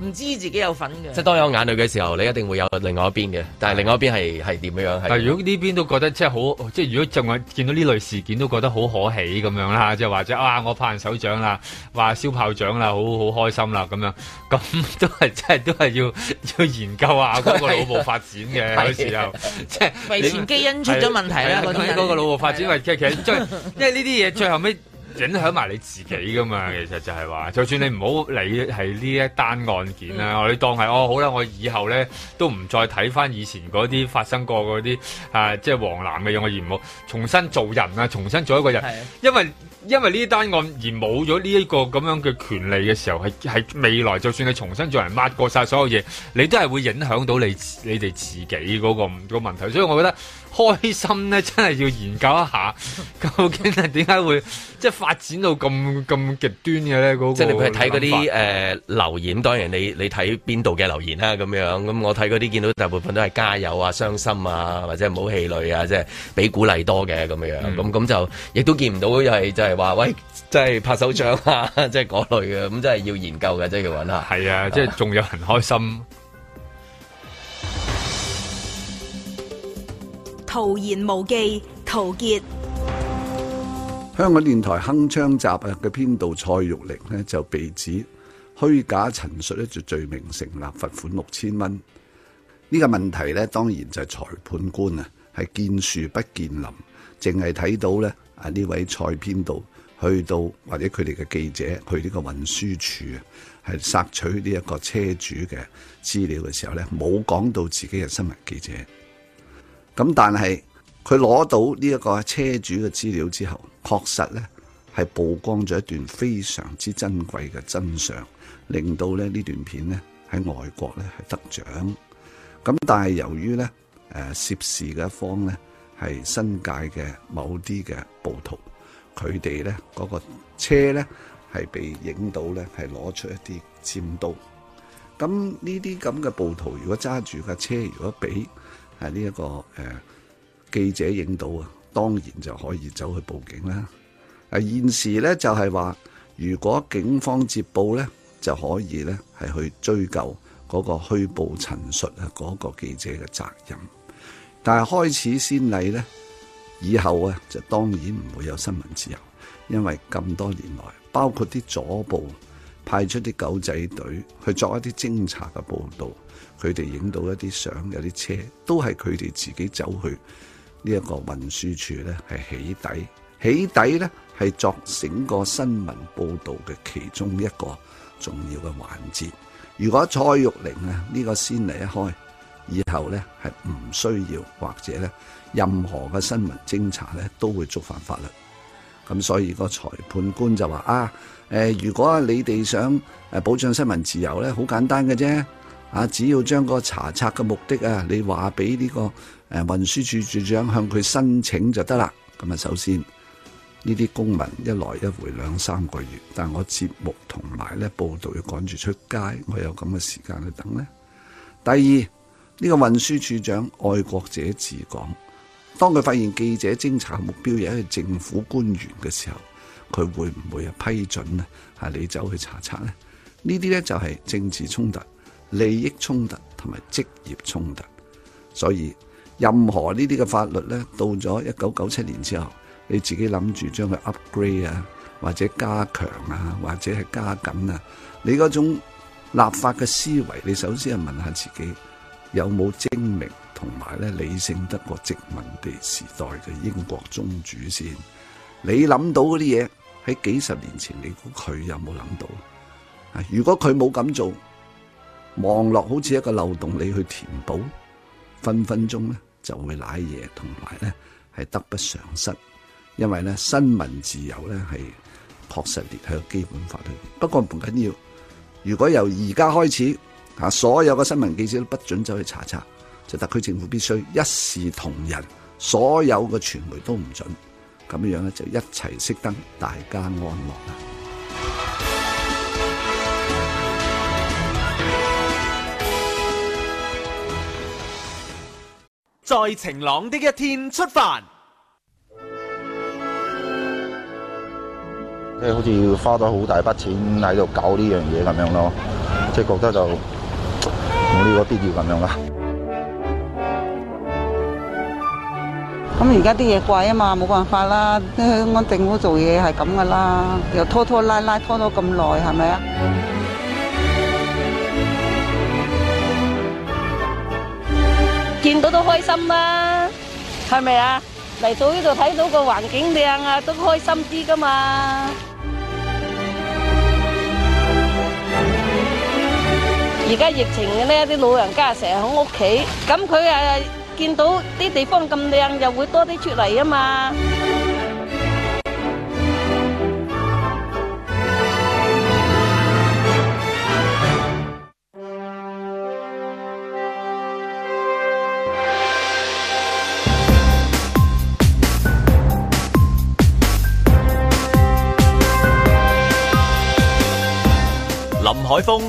S3: 唔知自己有份嘅。即係當
S1: 有眼淚嘅時候，你一定會有另外一邊嘅，但係另外一邊係係點樣樣？但係如果呢邊都覺得即係
S2: 好，即係如果仲見到呢類事件都覺得好可喜咁樣啦，即係或者啊，我拍手掌啦，話燒炮仗啦，好好開心啦咁樣，咁都係即係都係要要研究下嗰個腦部發展嘅時候，即係遺傳
S3: 基因出咗問題啦。嗰啲嗰
S2: 個腦部發展 其實最，因為呢啲嘢最後尾影響埋你自己噶嘛，其實就係話，就算你唔好理係呢一單案件啦，啊，我哋，嗯，當係哦好啦，我以後咧都唔再睇翻以前嗰啲發生過嗰啲誒，即係黃藍嘅樣嘅嘢，唔重新做人啦，啊，重新做一個人，的因為因為呢單案而冇咗呢一個咁樣嘅權利嘅時候，係係未來就算你重新做人，抹過晒所有嘢，你都係會影響到你你哋自己嗰，嗰個，嗰個問題，所以我覺得。開心咧，真係要研究一下，究竟係點解會即係發展到咁咁極端嘅咧？嗰個即係你譬如睇嗰啲誒
S1: 留言，當然你你睇邊度嘅留言啦、啊，咁樣咁我睇嗰啲見到大部分都係加油啊、傷心啊或者係冇氣餒啊，即係俾鼓勵多嘅咁樣，咁咁、嗯、就亦都見唔到係就係話喂，即係拍手掌啊， 即係嗰類嘅，咁真係要研究嘅，即係要搵下。係啊，即係仲、呃、有人開心。
S3: 徒言無忌，陶傑。
S4: 香港電台鏗鏘集啊嘅編導蔡玉玲咧就被指虛假陳述咧就罪名成立罰，罰款六千蚊。呢個問題咧，當然就係裁判官啊係見樹不見林，淨係睇到咧啊呢位蔡編導去到或者佢哋嘅記者去呢個運輸署啊，係索取呢一個車主嘅資料嘅時候呢冇講到自己嘅新聞記者。咁但係佢攞到呢一個車主嘅資料之後，確實咧係曝光咗一段非常之珍貴嘅真相，令到咧呢段片咧喺外國咧係得獎。咁但係由於咧誒涉事嘅一方咧係新界嘅某啲嘅暴徒，佢哋咧嗰個車咧係被影到咧係攞出一啲尖刀。咁呢啲咁嘅暴徒如果揸住架車，如果俾係呢一個誒、呃、記者影到啊，當然就可以走去報警啦。啊現時咧就係，是，話，如果警方接報咧，就可以咧係去追究嗰個虛報陳述啊、嗰、那個記者嘅責任。但係開始先例咧，以後啊就當然唔會有新聞自由，因為咁多年來，包括啲左部派出啲狗仔隊去作一啲偵查嘅報導。佢哋影到一啲相，有啲車都係佢哋自己走去呢一個運輸處咧，係起底，起底咧係作成個新聞報道嘅其中一個重要嘅環節。如果蔡玉玲啊呢個先例一開以後咧係唔需要或者咧任何嘅新聞偵查咧都會觸犯法律。咁所以個裁判官就話啊，誒，如果你哋想誒保障新聞自由咧，好簡單嘅啫。啊！只要將個查冊嘅目的啊，你話俾呢個誒運輸處處長向佢申請就得啦。咁啊，首先呢啲公民一來一回兩三個月，但我節目同埋咧報道要趕住出街，我有咁嘅時間去等呢？第二呢、這個運輸處長愛國者治港，當佢發現記者偵查目標有一個政府官員嘅時候，佢會唔會啊批准啊？啊，你走去查冊咧？呢啲咧就係政治衝突。利益衝突同埋職業衝突，所以任何呢啲嘅法律咧，到咗一九九七年之後，你自己諗住將佢 upgrade 啊，或者加強啊，或者係加緊啊，你嗰種立法嘅思維，你首先係問下自己有冇精明同埋咧理性得過殖民地時代嘅英國宗主先。你諗到嗰啲嘢喺幾十年前，你估佢有冇諗到？啊，如果佢冇咁做。望落好似一個漏洞，你去填補，分分鐘咧就會瀨嘢，同埋咧係得不償失。因為咧新聞自由咧係確實係喺個基本法裏邊，不過唔緊要。如果由而家開始，所有嘅新聞記者都不准走去查冊，就特區政府必須一視同仁，所有嘅傳媒都唔准，咁樣咧就一齊熄燈，大家安樂。
S2: 在晴朗的一天出發，
S5: 即係好似要花咗好
S2: 大筆錢喺度搞呢樣嘢咁樣咯，即係覺得就冇呢個
S4: 必要咁樣啦。
S6: 咁而家啲嘢貴啊嘛，冇辦法啦，啱啱政府做嘢係咁噶啦，又拖拖拉拉拖咗咁耐，係咪啊？嗯
S5: 見到都開心啦，係咪啊？嚟到呢度睇到個環境靚啊，都開心啲噶嘛。
S3: 而家疫情嘅呢，啲老人家成日響屋企，咁佢啊見到啲地方咁靚，又會多啲出嚟
S5: 啊嘛。
S1: 風，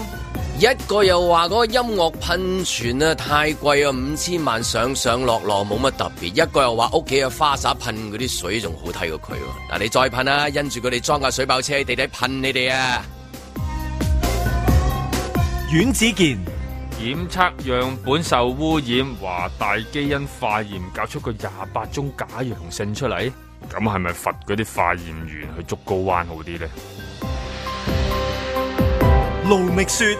S1: 一個又話嗰個音樂噴泉咧，太貴啊，五千萬上上落落冇乜特別。一個又話屋企嘅花灑噴嗰啲水仲好睇過佢。嗱，你再噴啦，啊，因住佢哋裝架水爆車地底噴你哋啊。阮子健，檢測
S2: 樣本受污染，華大基因化驗搞出個廿八宗假陽性出嚟，咁係咪罰嗰啲化驗員去竹篙灣好啲呢？
S3: 盧覓雪：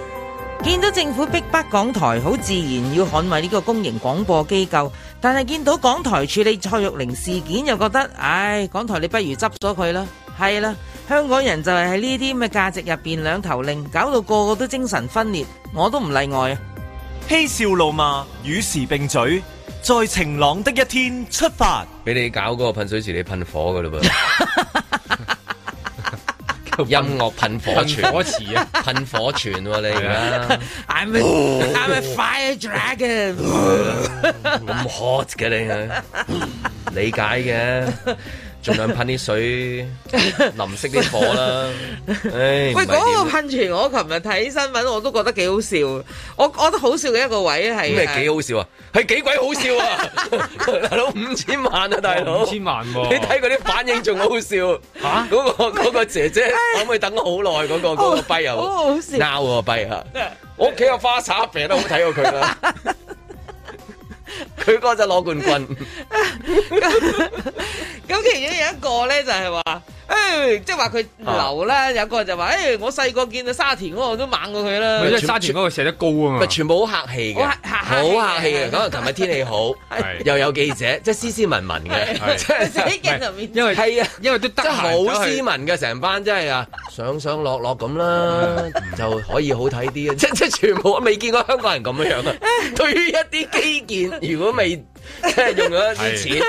S3: 見到政府逼迫，迫港台，好自然要捍衛呢個公營廣播機構。但係見到港台處理蔡玉玲事件，又覺得，唉，港台你不如執咗佢啦。係啦，香港人就係喺呢啲咁嘅價值入邊兩頭令，搞到個個都精神分裂，我都唔例外啊！嬉笑怒罵，與時並嘴，在晴朗的一天出發，俾你
S1: 搞個噴水池，你噴火噶啦噃。 音樂噴火泉嗰詞啊，噴火泉嚟噶。
S3: I'm I'm a fire dragon，咁
S1: hot 嘅你啊理解嘅。盡量噴啲水，淋熄啲火啦。哎，喂，嗰個噴
S3: 泉我琴日睇新聞，我都覺得幾好笑。我覺得好笑嘅一個位係咩？幾好
S1: 笑啊？係幾鬼好笑啊？大佬五千萬啊！大佬五千萬喎！你睇佢啲反應仲好笑吓？嗰個嗰個姐姐可唔可以等我好耐？嗰個跛個跛又咬嗰個跛吓？我屋企個花灑病都好睇過佢啦。
S3: 佢嗰就攞冠軍，咁咁其中有一個咧就係話。誒，即係話佢留啦，有個就話，誒，我細個見到沙田嗰度都猛過佢啦。佢沙田
S1: 嗰度射得高啊嘛。全部好客氣嘅，好客氣嘅。可能琴日天氣好，又有記者，即係斯斯文文嘅，即係喺鏡頭面。係啊，因為都得，好斯文嘅成班，真係啊，上上落落咁啦，就可以好睇啲。即即係全部未見過香港人咁樣樣啊。對於一啲基建，如果未。即係 用咗啲錢，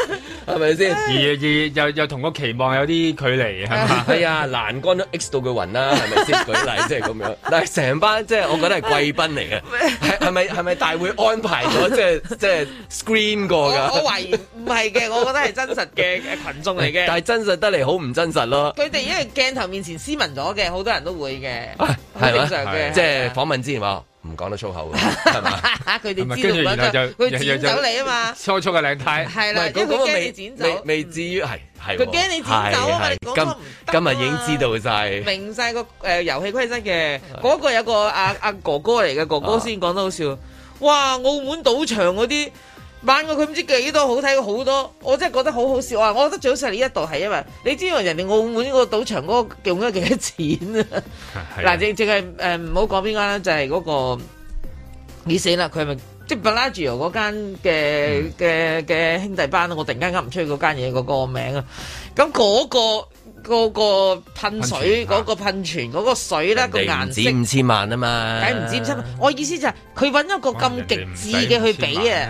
S1: 係咪先？而而又又同個期望有啲距離，係咪啊？係啊，欄杆都 X 到佢暈啦，係咪先？ 舉例即係咁樣，但係成班即係、就是、我覺得係貴賓嚟嘅，係咪係咪大會安排咗即係即係 screen 過噶？我懷疑
S3: 唔係嘅，我覺得係真實嘅群眾
S1: 嚟嘅。 但係真實得嚟好唔真實咯。
S3: 佢哋因為鏡頭面前斯文咗嘅，好多人都會嘅，係、啊、正常嘅。即係
S1: 訪問之前話。唔講得粗口㗎，係 嘛？
S3: 佢哋知跟住佢剪走你啊嘛！
S1: 粗粗嘅靚太係啦，的是因為嗰個未剪走，未至於係係佢驚你剪走的你講啊嘛！今今日已經知道晒，
S3: 明晒個誒遊戲規則嘅嗰的個有個阿、啊、阿、啊、哥哥嚟嘅哥哥先講得好笑， 啊、哇！澳門賭場嗰啲。扮過佢唔知幾多，好睇過好多，我真係覺得好好笑。我話我覺得最好食呢一度係因為，你知道人哋澳門嗰個賭場嗰個用咗幾多錢啊？嗱 的，淨淨係誒，唔好講邊間啦，呃、家就係、是、嗰、那個你死啦，佢咪即係 Bellagio 嗰間嘅嘅嘅兄弟班，我突然間噏唔出嗰間嘢嗰個名啊，咁嗰、那個。個個噴水嗰個噴泉嗰個水咧個顏
S1: 值，唔止五千萬啊嘛，抵唔止，五千萬。
S3: 我意思就係佢搵咗一個咁極致嘅去比啊，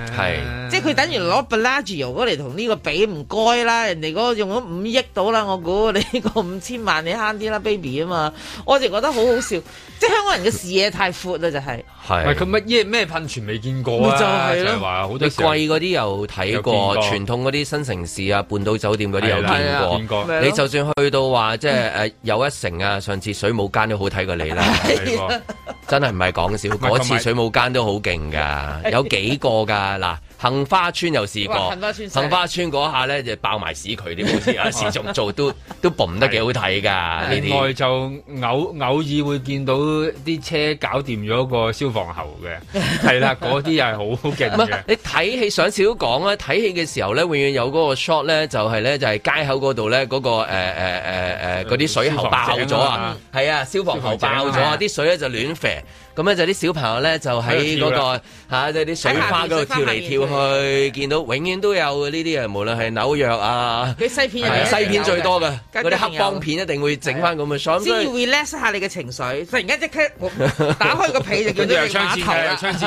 S3: 即係佢等於攞 Bellagio 嗰嚟同呢個比，唔該啦。人哋嗰個用咗五億到啦，我估你個五千萬你慳啲啦，baby 啊嘛。我就覺得好好笑，即係香港人嘅視野太闊啦，就係。
S1: 係佢乜嘢咩噴泉未見過啊？就係咯，你貴嗰啲又睇過，傳統嗰啲新城市啊、半島酒店嗰啲又見過。你就算去。去到話即係誒、呃、有一成啊，上次水母間都好睇過你啦， 真係唔係講笑，嗰 是次水母間都好勁噶， 有幾個㗎嗱。 杏花村又試過，杏花村嗰下咧就爆埋屎渠啲好事啊，時仲做都 都 boom 得幾好睇噶。的些另外就
S2: 偶偶爾會見到啲車搞掂咗個消防喉嘅，係啦， 嗰
S1: 啲又係好勁嘅。你睇戲上少講啦，睇戲嘅時候咧，永遠有嗰個 shot 咧，就係、是、咧就係、是、街口嗰度咧嗰個誒誒誒嗰啲水喉爆咗、嗯、啊，係啊、嗯，消防喉爆咗啊，啲水咧就亂瀉。咁咧就啲小朋友咧就喺嗰個即係啲水花嗰度跳嚟跳去，見到永遠都有呢啲啊！無論係紐約啊，佢西片西片最多嘅，佢啲黑幫片一定會整翻咁嘅。先
S3: relax 下你嘅情緒，突然間即刻打開個被就見到槍槍支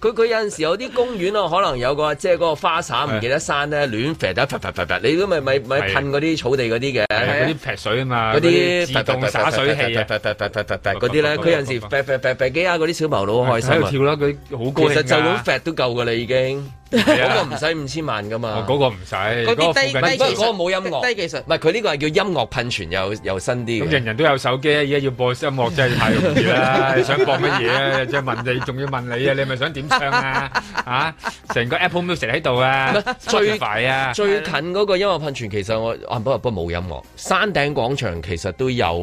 S1: 佢佢有陣時有啲公園咯，可能有個即係嗰個花灑唔記得閂咧，亂肥得啪啪啪啪，你都咪咪咪噴嗰啲草地嗰啲嘅嗰啲撇水啊嘛，嗰啲自動灑水器啊，嗰啲咧佢有陣時。劈劈劈幾下，嗰啲小毛佬開心喺度跳啦，佢好高興，其實就咁都夠㗎啦，已經。嗰個唔使五千萬噶嘛，嗰個唔使，嗰個冇音樂，低技術，唔係佢呢個係叫音樂噴泉又又新啲。咁人人都有手機
S2: 啊，而家要播音樂真係太容易啦！你想播乜嘢啊？即係問你，仲要問你啊？你係咪想
S5: 點唱啊？啊！
S1: 成個 Apple Music 喺度啊，
S5: 最快啊，最近
S1: 嗰個音樂噴泉其實我不過冇音樂，山頂廣場其實都有誒，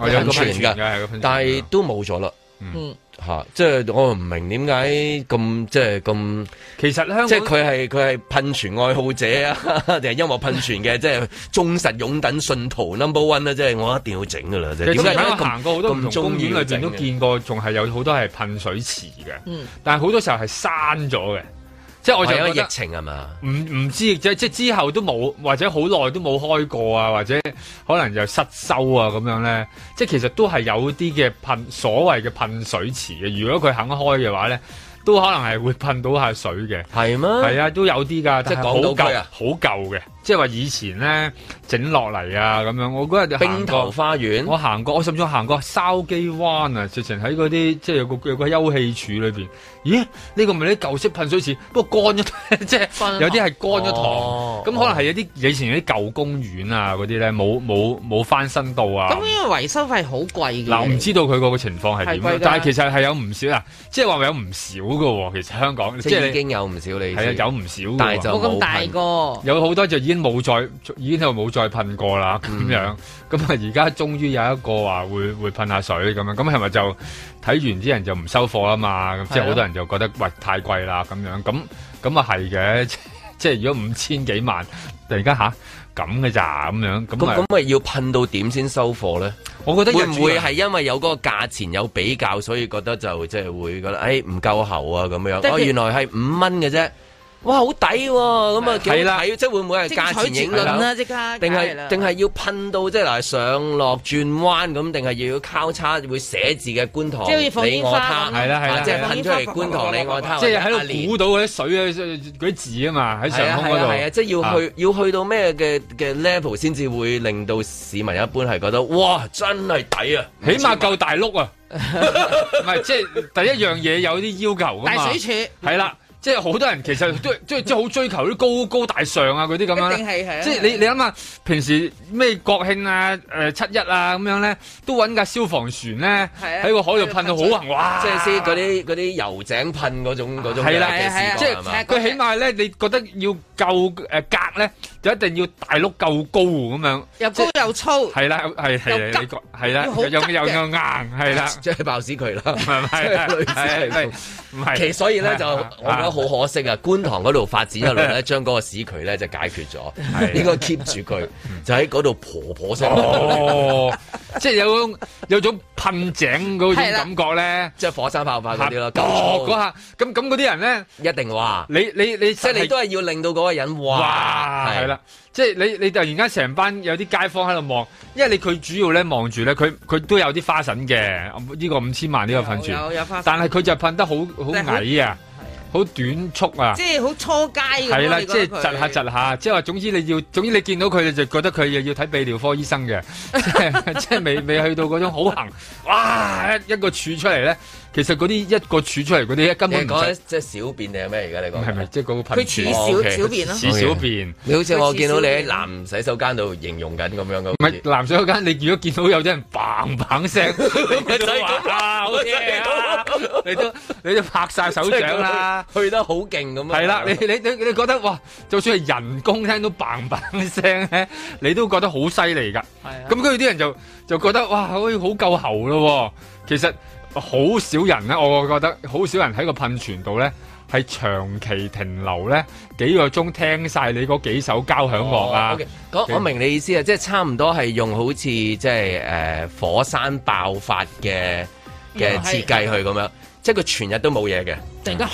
S1: 有噴泉㗎，但係都冇咗啦。嗯。吓、啊，即係我唔明點解咁即係咁，其實咧，即係佢係佢係噴泉愛好者啊，定係音樂噴泉嘅，即係 忠實擁躉信徒 number one 啦，即係我一定要整㗎啦。其實我行過好多唔同公園裡邊，都見過，仲係、嗯、有好多係噴水池嘅，但
S2: 係好多時候係刪咗嘅。即係我仲覺得有一個疫情係嘛？唔，唔知即即，之後都冇，或者好耐都冇開過啊，或者可能就失修啊咁樣咧。即係其實都係有啲嘅噴，所謂嘅噴水池嘅。如果佢肯開嘅話咧，都可能係會噴到下水嘅。係咩嗎？係啊，都有啲噶，即係好舊啊，好舊嘅。即係話以前咧整落嚟啊，咁樣，我嗰日行過，兵頭花園我行過，我甚至行過筲箕灣啊，直情喺嗰啲即係有個有個休憩處裏邊。咦？呢、這個咪啲舊式噴水池？不過乾咗，即係有啲係乾咗塘。咁、 哦、可能係有啲以前啲舊公園啊嗰啲咧，冇冇冇翻新到啊。咁
S3: 因為維修費好貴嘅。嗱，我唔知
S2: 道佢個情況係點，但係其實係有唔少啊。即係話有唔少喎。其實香港即係已經有唔少你係啊，有唔少，但係就冇咁大個，有好多就已。冇再，已經係冇再噴過啦，咁樣，咁啊而家終於有一個話會會噴下水咁樣，咁係咪就睇完啲人就唔收貨啊嘛？是啊即係好多人就覺得喂太貴啦，咁樣，咁咁啊係嘅，即係如果五千幾萬，突然間吓咁嘅咋咁樣？咁咁咪要噴到點先收貨咧？我覺得會唔會係
S1: 因為有個價錢有比較，所以覺得就即係會覺得誒唔夠喉啊咁樣？但是哦，原來係五蚊嘅啫。哇，好抵喎！咁啊，幾睇，即係會唔會係價錢影響即
S3: 刻定係定
S1: 係要噴到即係嗱上落轉彎咁？定係要交叉會寫字嘅觀塘你外灘？係啦係啦，即係噴出嚟觀塘你外灘，即係喺度
S2: 估到嗰啲水啊嗰啲字啊嘛喺上空度，係啊，即係要去
S1: 要去到咩嘅嘅 level 先至會令到市民一般係覺得哇真係抵啊！起碼夠大碌啊！唔係即係第一樣嘢有啲要求㗎嘛，
S2: 大水柱！係啦。即係好多人其實都都都好追求啲高高大上啊嗰啲咁樣，即係你你諗下平時咩國慶啊、誒七一啊咁樣咧，都揾架消防船咧喺個海度噴到好啊。哇！即係先嗰啲啲油井噴嗰種嗰種嘅事，即係佢起碼咧，你覺得要夠誒格咧？就一定要大碌夠高咁樣，
S3: 又高又粗，
S2: 係啦，係係你講，係啦，又又硬，
S1: 係啦，即係爆屎渠啦，係
S2: 咪？唔係，其所以咧就我覺得
S1: 好可惜啊！觀塘嗰度發展一路咧，將嗰個屎渠咧就解決咗，呢個 keep 住佢就喺嗰度婆婆聲，即係有種有種噴井嗰種感覺咧，即係火山爆發嗰啲咯。嗰下咁咁嗰啲人咧，一定哇！你你你即係你都係要令到嗰個人哇！
S2: 即係你你突然間成班有啲街坊喺度望，因為你佢主要咧望住咧，佢佢都有啲花神嘅，呢、呢個五千萬呢個噴住，但係佢就噴得好好矮啊。好短促啊！即係
S3: 好初階，係啦，即係窒下窒
S2: 下，即係話，總之你要，總之你見到佢，你就覺得佢又要睇泌尿科醫生嘅，即係即係未未去到嗰種好行，哇，一個柱出嚟咧，其實嗰啲一個柱出嚟嗰啲，根本講
S1: 即係小便定係咩？而家你講係咪？即係嗰個佢似小小便咯，似小便。你好似我
S6: 見到你喺
S2: 男
S1: 洗手間度形容緊咁樣咁。唔
S2: 係男洗手間，你如果見到有啲人砰砰聲， 你都你都拍晒手掌啦，去得好勁咁樣！係啦， 你你你你覺得哇，就算係人工聽到嘭嘭聲咧，你都覺得好犀利噶。係啊，咁跟住啲人就就覺得哇、哎，好似好夠喉咯。 其實好少人咧，我覺得好少人喺個噴泉度咧，係長期停留咧幾個鐘聽晒你嗰幾首交響樂
S3: 啊。我、哦
S1: okay、以我明你意思啊，即係差唔多係用好似即係誒、呃、火山爆發嘅嘅設計去咁樣，即係佢全日都冇嘢嘅。
S3: 突然間，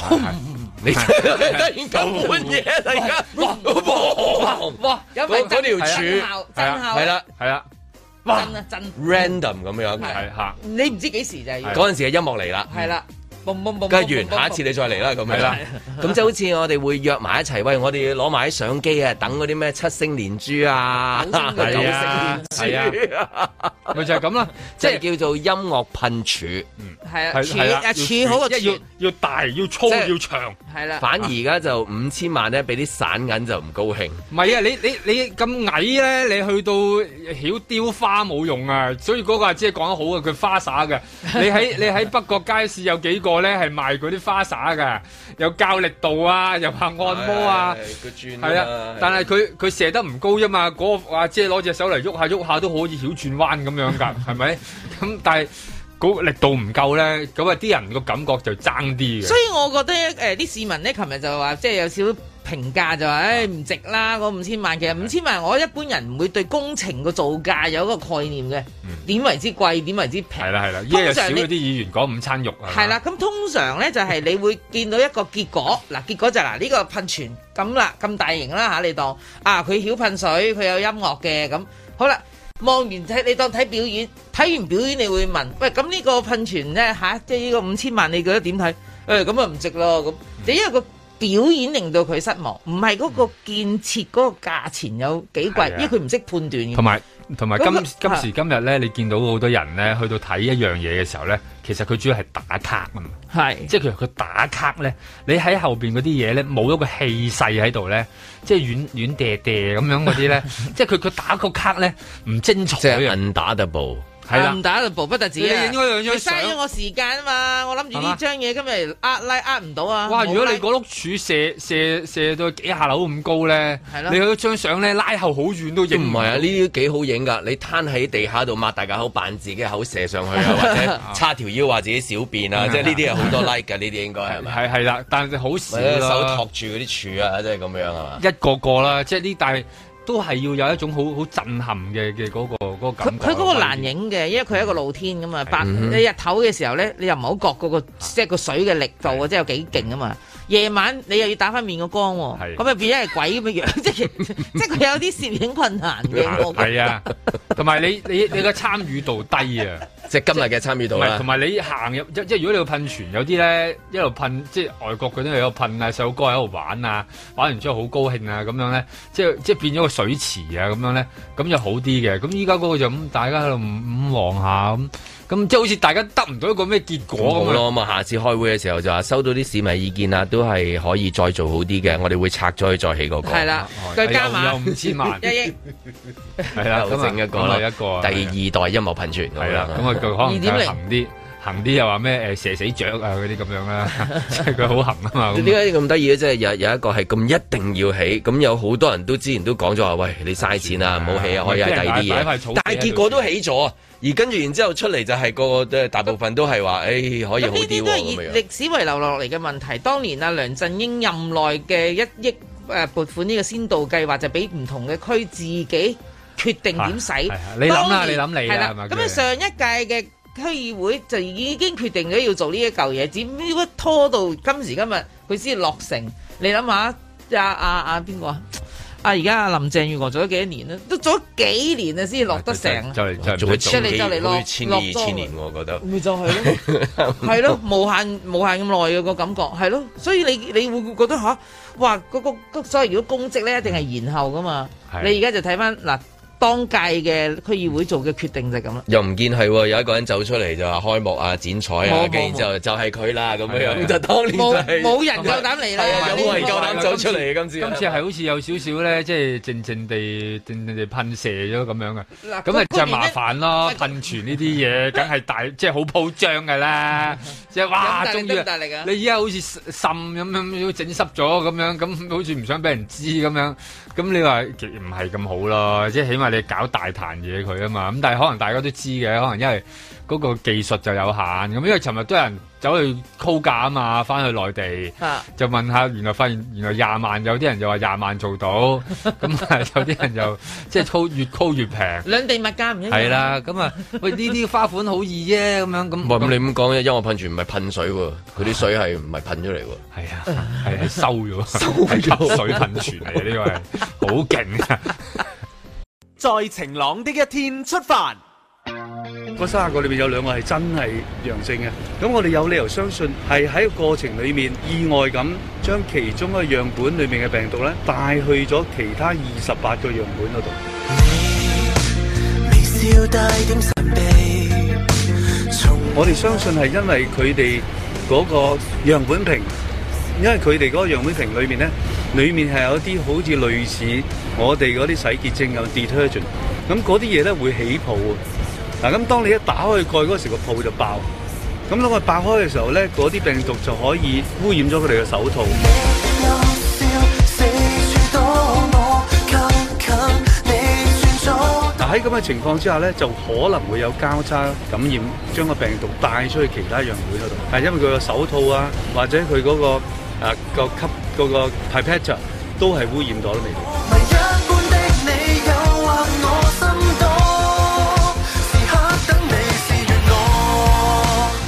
S3: 你突然間換嘢嚟噶，哇哇哇！嗰嗰條柱震嚇，係啦，係啦，哇震啊震
S1: ！random 咁樣，係嚇。
S3: 你唔知幾時就係嗰陣
S1: 時嘅音樂嚟啦，係啦。
S3: 跟完，下一
S1: 次你再嚟啦，咁樣啦。咁即好似我哋會約埋一齊，喂，我哋攞埋啲相機啊，等嗰啲咩七星連珠啊，係啊，係啊，咪就係咁啦，即係叫做音樂噴柱，嗯，係啊，柱好個柱，要大要粗要長，
S3: 係啦。反而而
S1: 家就五千萬咧，俾啲散銀就唔高興。唔係啊，你
S2: 你你咁矮咧，你去到曉雕花冇用啊，所以嗰個係即係講得好啊，佢花灑嘅。你喺你喺北角街市有幾個？我咧係賣嗰啲花灑噶，有教力度啊，又怕按摩啊，
S1: 係、哎、啊。是啊但
S2: 係佢佢射得唔高啫嘛，嗰、那個啊即係攞隻手嚟喐下喐下都可以小轉彎咁樣噶，係咪？ 咁、嗯、但係個力度唔夠咧，咁啊啲人個感覺就爭啲嘅。所以
S3: 我覺得誒，啲、呃、市民咧，琴日就話即係有少。評價就係，誒唔值啦個五千萬。其實五千萬，我一般人唔會對工程個造價有一個概念嘅。點為之貴？點為之平啦？係啦，依家又少嗰啲
S2: 議員講午餐肉啊。係
S3: 啦，咁通常咧就係你會見到一個結果。嗱，結果就係嗱呢個噴泉咁啦，咁大型啦嚇，你當啊佢曉噴水，佢有音樂嘅咁。好啦，望完睇你當睇表演，睇完表演你會問，喂咁呢個噴泉咧嚇，即係呢個五千萬，你覺得點睇？誒咁啊唔值咯咁，就因為個。表演令到佢失望，唔係嗰個建設嗰個價錢有幾貴，啊、因為佢唔識判斷。同埋同埋今今時
S2: 今日咧，你見到好多人咧去到睇一樣嘢嘅時候咧，其實佢主要係打卡啊嘛。係，即係其實佢打卡咧，你喺後邊嗰啲嘢咧，冇一個氣勢喺度咧，即係軟軟嗲嗲咁樣嗰啲咧，即係佢佢打個卡咧唔精彩。即係硬打得。部。係啦，唔打就步不得自己、啊，你影我兩張相，佢嘥
S3: 咗我時間啊嘛！我諗住呢張嘢今日壓拉壓唔到
S4: 啊！哇嗎拉！如果你
S3: 嗰
S1: 碌柱射射射，射到幾下樓咁高咧，
S4: 係
S3: 咯、
S1: 啊啊，你張相咧拉後好遠都影唔係啊！呢啲幾好影噶，你攤喺地下度擘大個口扮自己口射上去啊， 或者叉條腰話自己小便啊， 即係呢啲係好多 like 噶，呢啲應該係咪？係係啦，但係好
S3: 少咯、啊。手
S2: 托
S1: 住嗰啲柱啊，即係咁樣係咪？
S2: 一個個啦，即係呢大。都係要有一種好好震撼嘅嘅嗰個嗰個感覺。佢佢嗰個難
S3: 影嘅，因為佢係一個露天㗎嘛。的白你日頭嘅時候咧，你又唔好覺嗰個即係個水嘅力度啊，即係有幾勁啊嘛。夜晚你又要打翻面個光，哦，咁啊是變咗係鬼咁嘅樣 即是，即係即係佢有啲攝影困難嘅。係
S2: 啊，同埋你你你嘅參與度低啊，即係即今日嘅參與度啦、啊。同埋你行入即係如果你要噴泉有啲咧，一路噴即係外國嗰啲有噴啊，細路哥喺度玩啊，玩完之後好高興啊咁樣咧，即係即係變咗個水池啊咁樣咧，咁就好啲嘅。咁依家嗰個就咁，大家喺度咁望下。咁即係好似大家得唔到一個咩結果咁啊？咯、嗯，
S1: 咁啊！下次開會嘅時候就話收到啲市民意見啊，都係可以再做好啲嘅。我哋會拆咗佢，再起、那個港。係啦，
S3: 再加埋有五千萬一億，係啦 了，整一個啦一個第
S1: 二代音樂噴泉，係
S2: 啦了，咁啊了，二點零啲。行啲又話咩誒蛇死雀啊嗰啲咁樣啦，即係佢好
S1: 行啊嘛。咁點解咁得意？即係有有一個係咁一定要起，咁有好多人都之前都講咗話，喂你嘥錢啊，唔好了起啊，可以係計啲嘢。但係結果都起咗而跟住然之後出嚟就係個，個大部分都係話，誒、嗯哎、可以好啲、啊。呢啲都係以歷
S3: 史遺留落嚟嘅問題。當年啊，梁振英任內嘅一億誒撥款呢個先導計劃就俾唔同嘅區自己決定點使、啊啊。你諗啦，年你諗你啦。咁、啊、上一屆嘅。區議會就已經決定咗要做呢一嚿嘢，只不過拖到今時今日，佢先落成。你諗下，阿阿阿邊個？阿而家阿林鄭月娥做咗幾多年都做咗幾年了才啊，先落得成。
S2: 就嚟就嚟落落
S3: 二了千年，我覺得。會再去咯，係咯， 無限無限咁耐嘅個感覺，係咯。所以你你會覺得吓、啊，哇，嗰、那個所謂如果公職咧，一定係延後噶嘛。的你而家就睇翻。嗱。啊當屆嘅區議會做嘅決定就係咁啦，
S1: 又唔見係有一個人走出嚟就話開幕啊、剪彩啊，就就係佢啦咁樣，就當年冇人夠膽嚟啦，冇人
S3: 夠膽走出
S2: 嚟，今次今次係好似有少少咧，即係靜靜地靜靜地噴射咗咁樣嘅。咁啊就麻煩咯，噴泉呢啲嘢梗係大，即係好鋪張噶啦！即係哇，終於大力啊你依家好似滲咁樣，都整濕咗咁樣，咁好似唔想俾人知咁樣，咁你話唔係咁好咯？即係起碼。搞大壇嘢佢啊嘛，咁但係可能大家都知嘅，可能因為嗰個技術就有限，咁因為尋日都有人走去箍牙啊嘛，翻去內地、啊、就問下，原來發現原來廿萬有啲人就話廿萬做到，咁啊、 嗯、有
S1: 啲人就即係箍越箍越平。
S3: 兩地物價唔一樣。係啦，咁、嗯、啊喂，呢啲花款好易啫、啊，咁樣咁。唔咁不那你咁
S1: 講，因為音樂噴泉唔係噴水，佢啲、啊、水係唔係噴出嚟，係啊
S6: 係、啊啊、收咗，吸了、啊、水噴泉嚟呢、這個係
S1: 好勁。
S6: 在晴朗的一天出發，嗰三十個裏邊有兩個係真係陽性嘅，咁我哋有理由相信係喺個過程裏面意外咁將其中一個樣本裏邊嘅病毒咧帶去咗其他二十八個樣本嗰度。我哋相信係因為佢哋嗰個樣本瓶，因為佢哋嗰個樣本瓶裏邊咧。裏面係有一啲好似類似我哋嗰啲洗潔精咁 detergent，咁嗰啲嘢咧會起泡啊！嗱，咁當你一打開蓋嗰時候，個泡就爆，咁當佢爆開嘅時候咧，嗰啲病毒就可以污染咗佢哋嘅手套。嗱，喺咁嘅情況之下咧，就可能會有交叉感染，將個病毒帶出去其他樣會度，係因為佢個手套啊，或者佢嗰、嗰個誒、啊、個吸。個個 pipette 都係污染咗嚟。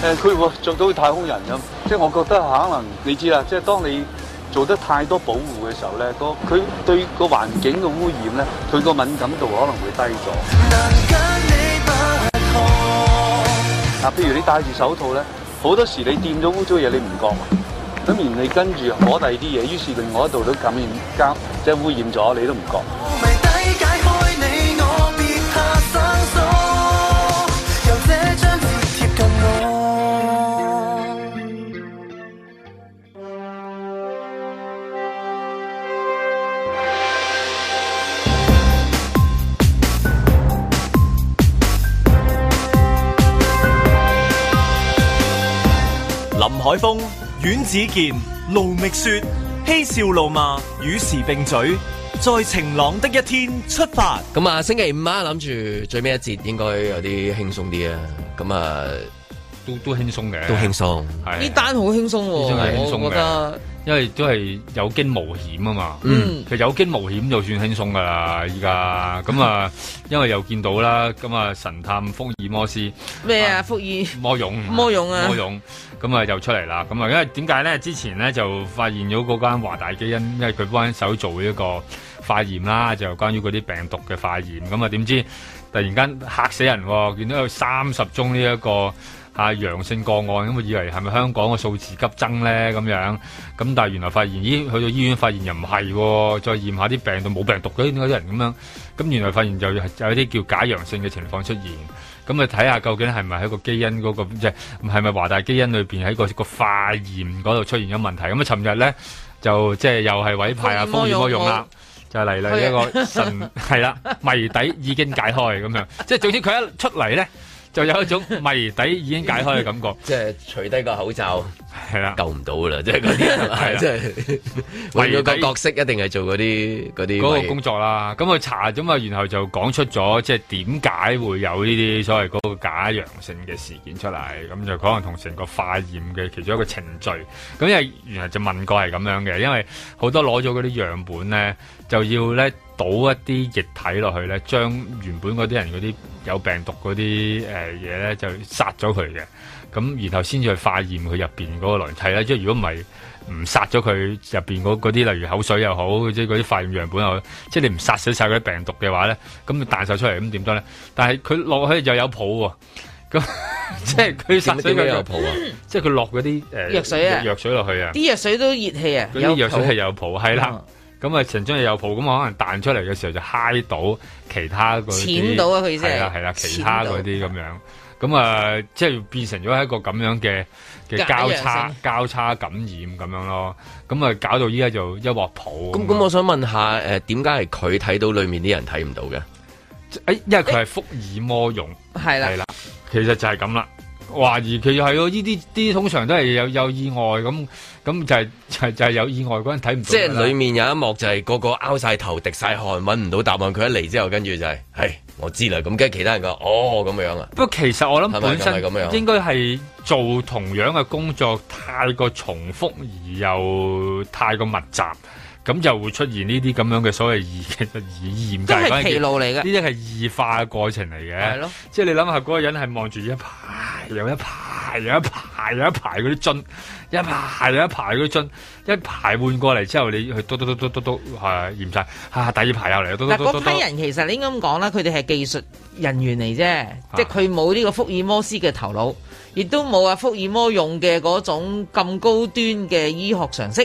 S6: 誒，佢會著到太空人咁，即係我覺得可能你知啦，即係當你做得太多保護嘅時候咧，個佢對個環境嘅污染咧，佢個敏感度可能會低咗。嗱，譬如你戴住手套咧，好多時你掂咗污糟嘢，你唔覺。咁然，你跟住攞第二啲嘢，於是另外一度都感染，交即係污染咗，你都
S5: 唔覺。
S1: 林海峰。阮子健
S6: 盧覓雪，嬉笑怒罵與時並嘴，在晴朗的一天出發。
S1: 咁啊，星期五啊，諗住最尾一節應該有啲輕鬆啲啊。咁啊，都輕鬆的都輕鬆
S3: 嘅，都輕鬆。呢單好輕鬆，我覺得。
S2: 因為都係有驚無險啊嘛，嗯、其實有驚無險就算輕鬆噶啦依家，咁啊、嗯、因為又見到啦，咁啊神探福爾摩斯
S3: 咩啊，啊福爾爾
S2: 魔勇，魔勇啊，魔勇，咁啊又出嚟啦，咁啊因為點解咧？之前咧就發現咗嗰間華大基因，因為佢幫緊手做呢一個化驗啦，就關於嗰啲病毒嘅化驗，咁啊點知突然間嚇死人，見到有三十宗呢、這、一個。啊！陽性個案咁以為係咪香港個數字急增咧？咁樣咁，但係原來發現咦去到醫院發現又唔係，再驗下啲病毒冇病毒嗰啲人咁樣，咁原來發現就係有啲叫假陽性嘅情況出現。咁啊，睇下究竟係咪喺個基因嗰、嗰個即係係咪華大基因裏邊喺個個化驗嗰度出現咗問題？咁啊，尋日咧就即係又係委派阿方宇哥用啦，我就嚟嚟一個神係啦， 謎底已經解開咁樣。即係總之佢一出嚟咧。就有一種謎底已經解開嘅感覺，即係除低個口罩，係啦，救唔到噶啦，即係嗰啲，係啦，即係
S1: 為咗個角色一定係
S2: 做嗰啲嗰啲嗰個工作啦。咁佢查咗嘛，然後就講出咗，即係點解會有呢啲所謂嗰個假陽性嘅事件出嚟？咁就可能同成個化驗嘅其中一個程序，咁因為原來就問過係咁樣嘅，因為好多攞咗嗰啲樣本咧。就要咧倒一啲液體落去咧，將原本嗰啲人嗰啲有病毒嗰啲嘢咧，就殺咗佢嘅。咁然後先至去化驗佢入面嗰個來源呢。即係如果唔係唔殺咗佢入面嗰啲，例如口水又好，即係嗰啲化驗樣本又好，即係你唔殺死晒嗰啲病毒嘅話咧，咁彈曬出嚟咁點得咧？但係佢落去又有泡喎，啊。咁 即係佢殺死佢有泡啊！ 即係佢落嗰啲，呃、藥水啊，藥水落去啊！啲藥
S3: 水都熱氣啊！嗰啲藥水係
S2: 有泡，係啦。咁啊，陳中又又抱，咁我可能彈出嚟嘅時候就嗨到其他個，係啦係啦，其他嗰啲咁樣，咁啊、呃，即係變成咗一個咁樣嘅嘅交叉交叉感染咁樣咯，咁啊，搞到依家就一鑊泡。咁咁，我想問下誒，點解係佢睇到裏面啲人睇唔到嘅？誒，因為佢係福爾摩用，係啦係啦，其實就係咁啦。懷疑佢又係哦，呢啲啲通常都係有有意外咁，咁就係、是、就
S1: 係、是、就係、是、有意外嗰陣睇唔到。即係裏面有一幕就係、是、個個拗晒頭、滴晒汗、揾唔到答案。佢一嚟之後，跟住就係、是，係我知啦。咁跟其他人講，哦咁樣啊。不過其實我諗本身應
S2: 該係做同樣嘅工作，太過重複而又太過密集。咁就會出現呢啲咁樣嘅所謂異嘅異異異變，即係疲勞嚟嘅，呢啲係異化嘅過程嚟嘅。係咯，即係你諗下，嗰、那個人係望住一排又一排，一排又一排，一排又一排嗰啲樽，一排又一排嗰啲樽，一排換過嚟之後你，你去篤篤篤篤篤篤係驗晒，嚇、啊，第二排又嚟。嗱，嗰批人
S3: 其實你應該咁講啦，佢哋係技術人員嚟啫，啊、即係佢冇呢個福爾摩斯嘅頭腦，亦都冇啊福爾摩用嘅嗰種咁高端嘅醫學常識。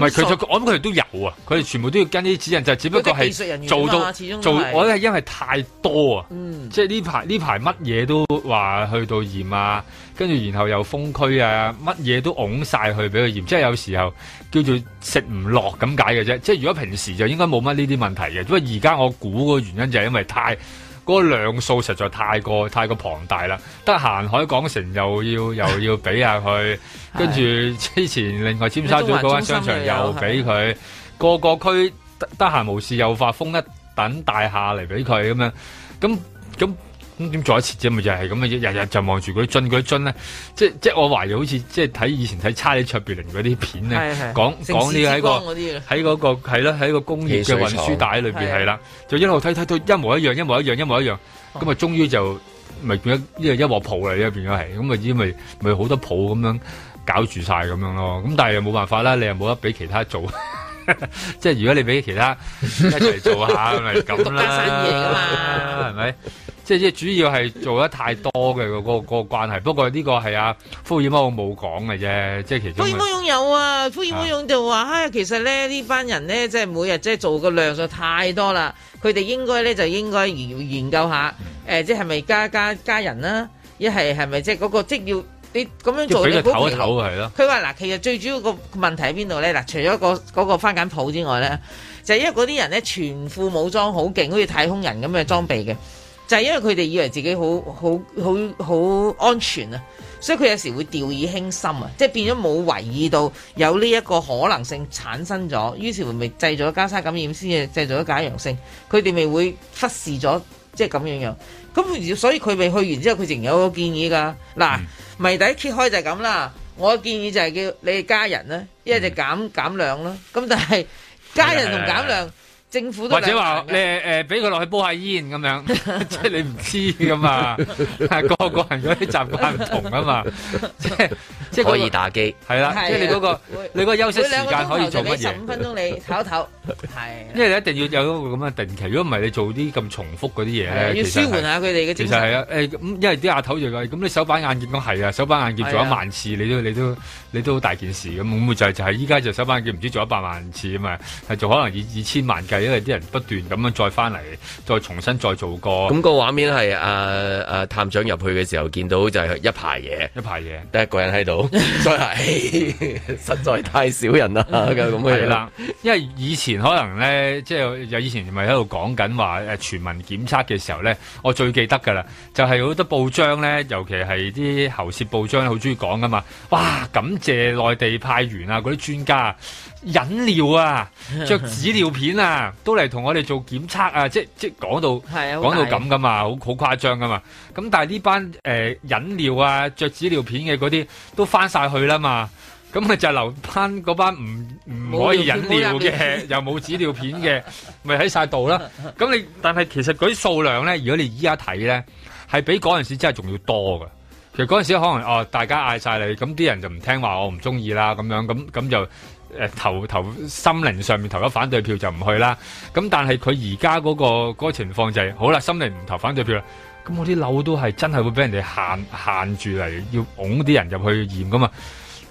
S3: 唔係，其實
S2: 我諗佢哋都有啊，佢哋全部都要跟啲指引，就只不過係做到，始終做我係因為太多啊，嗯、即係呢排呢排乜嘢都話去到驗啊，跟住然後又封區啊，乜嘢、嗯、都擁晒去俾佢驗，即係有時候叫做食唔落咁解嘅啫。即係如果平時就應該冇乜呢啲問題嘅，因為而家我估個原因就係因為太。嗰個量數實在太過太過龐大啦，得閒海港城又要 又要俾下佢，跟住 之前另外尖沙咀嗰間商場又俾佢，個個區得得閒無事又發封一等大廈嚟俾佢咁樣，咁咁。咁點做一次啫？咪就係咁嘅啫，日日就望住嗰啲樽嗰樽咧，即即我懷疑好似即睇以前睇差利卓別林嗰啲片咧，講講呢喺個喺嗰個係咯喺個工業嘅運輸帶裏邊係啦，就一路睇睇到一模一樣一模一樣一模一樣，咁啊終於就咪變咗一一鑊泡啦，而家變咗係，咁啊因為咪好多泡咁樣搞住晒咁樣咯，咁但係又冇辦法啦，你又冇得俾其他做。 即係如果你俾其他一齊做一下，咪咁 啦，係咪，啊？吧 即係即係主要係做得太多嘅，那個、那個關係。不過呢個係阿敷衍我冇講嘅啫，即係其中。敷衍哥
S3: 擁有啊，敷衍哥就話，唉，哎，其實咧呢這班人咧，即係每日即係做嘅量數太多啦。佢哋應該咧就應該研研究一下，誒，呃，即係咪加加加人啦，啊？一係係咪即係嗰、那個即要？你咁樣做，你唞一唞，佢佢話：嗱，其實最主要個問題喺邊度咧？嗱，除咗、那個嗰、那個番梘之外咧，就係、是、因為嗰啲人咧全副武裝好勁，好似太空人咁嘅裝備嘅，嗯、就係因為佢哋以為自己好好好好安全啊，所以佢有時候會掉以輕心啊，即、就、係、是、變咗冇懷疑到有呢一個可能性產生咗，於是乎咪製造咗交叉感染，先至製造咗假陽性，佢哋咪會忽視咗，即係咁樣樣。咁所以佢未去完之後，佢仍有一個建議㗎。嗱，謎、嗯、底揭開就係咁啦。我嘅建議就係叫你哋家人呢，一係就減減量啦。咁但係家人同減、嗯、減量。政府都或者話你
S2: 誒，俾佢落去煲下煙咁樣，即係你唔知咁嘛，個個人嗰啲習慣唔同啊嘛，即係即係可以打機，係啦，即係你嗰個你嗰個休息時間可以做乜嘢？十五分鐘你唞
S3: 一唞，係。
S2: 因為你一定要有個咁嘅定期，如果唔係你做啲咁重複嗰啲嘢咧，要舒緩下佢哋嘅。其實係啊，誒，因為啲阿頭就話，咁你手板眼見講係啊，手板眼見做一萬次，你都你都你都好大件事咁，會就係就係依家就手板眼見唔知做一百萬次啊嘛，係做可能以二千萬計。因為啲人不斷咁樣再翻嚟，
S1: 再重新再做過。咁個畫面係阿阿探長入去嘅時候，見到就係一排嘢，一排嘢，得一個人喺度。再係、 哎、實在太少
S2: 人啦。咁 樣係啦，因為以前可能咧，即、就、係、是、有以前咪喺度講緊話誒，全民檢測嘅時候咧，我最記得噶啦，就係、是、好多報章咧，尤其係啲喉舌報章好中意講噶嘛。哇，感謝內地派員啊，嗰啲專家、啊飲料啊，着紙尿片啊，都嚟同我哋做檢測啊！即即講到講到咁噶嘛，好好誇張噶嘛。咁但係呢班誒飲料啊，着紙尿片嘅嗰啲都翻晒去啦嘛。咁咪就留翻嗰班唔唔可以飲料嘅，又冇紙尿片嘅，咪喺晒度啦。咁你但係其實嗰啲數量咧，如果你依家睇咧，係比嗰陣時真係仲要多噶。其實嗰陣時可能哦，大家嗌晒你，咁啲人就唔聽話，我唔中意啦，咁樣咁咁就。誒投投心靈上面投咗反對票就唔去啦，咁但係佢而家嗰個情況就係、是，好啦，心靈唔投反對票，咁我啲樓都係真係會俾人哋限限住嚟，要拱啲人入去驗噶嘛，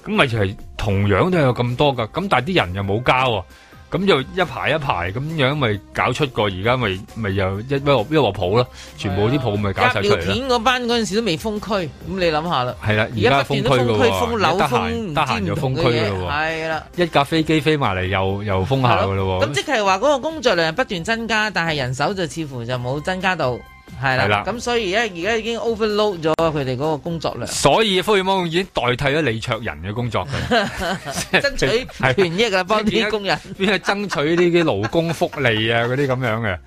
S2: 咁咪就係同樣都有咁多噶，咁但係啲人又冇交喎。咁就一排一排咁樣，咪搞出個而家，咪咪又一一一鑊鋪啦，全部啲鋪咪搞晒。出片
S3: 嗰班嗰陣時都未封區，咁你諗下啦。係啦，
S2: 而家不斷都封區㗎喎，得閒得閒就封區㗎啦。係啦，一架飛機飛埋嚟又又封下㗎啦。咁即
S3: 係話嗰個工作量不斷增加，但係人手就似乎就冇增加到。係啦，咁所以咧，而家已經 overload 咗佢哋嗰個工作量。
S2: 所以，福爾摩斯已經代替咗李卓人嘅工作嘅，爭取係權益㗎，幫啲工人，邊係爭取啲啲勞工福利啊，嗰啲咁樣嘅。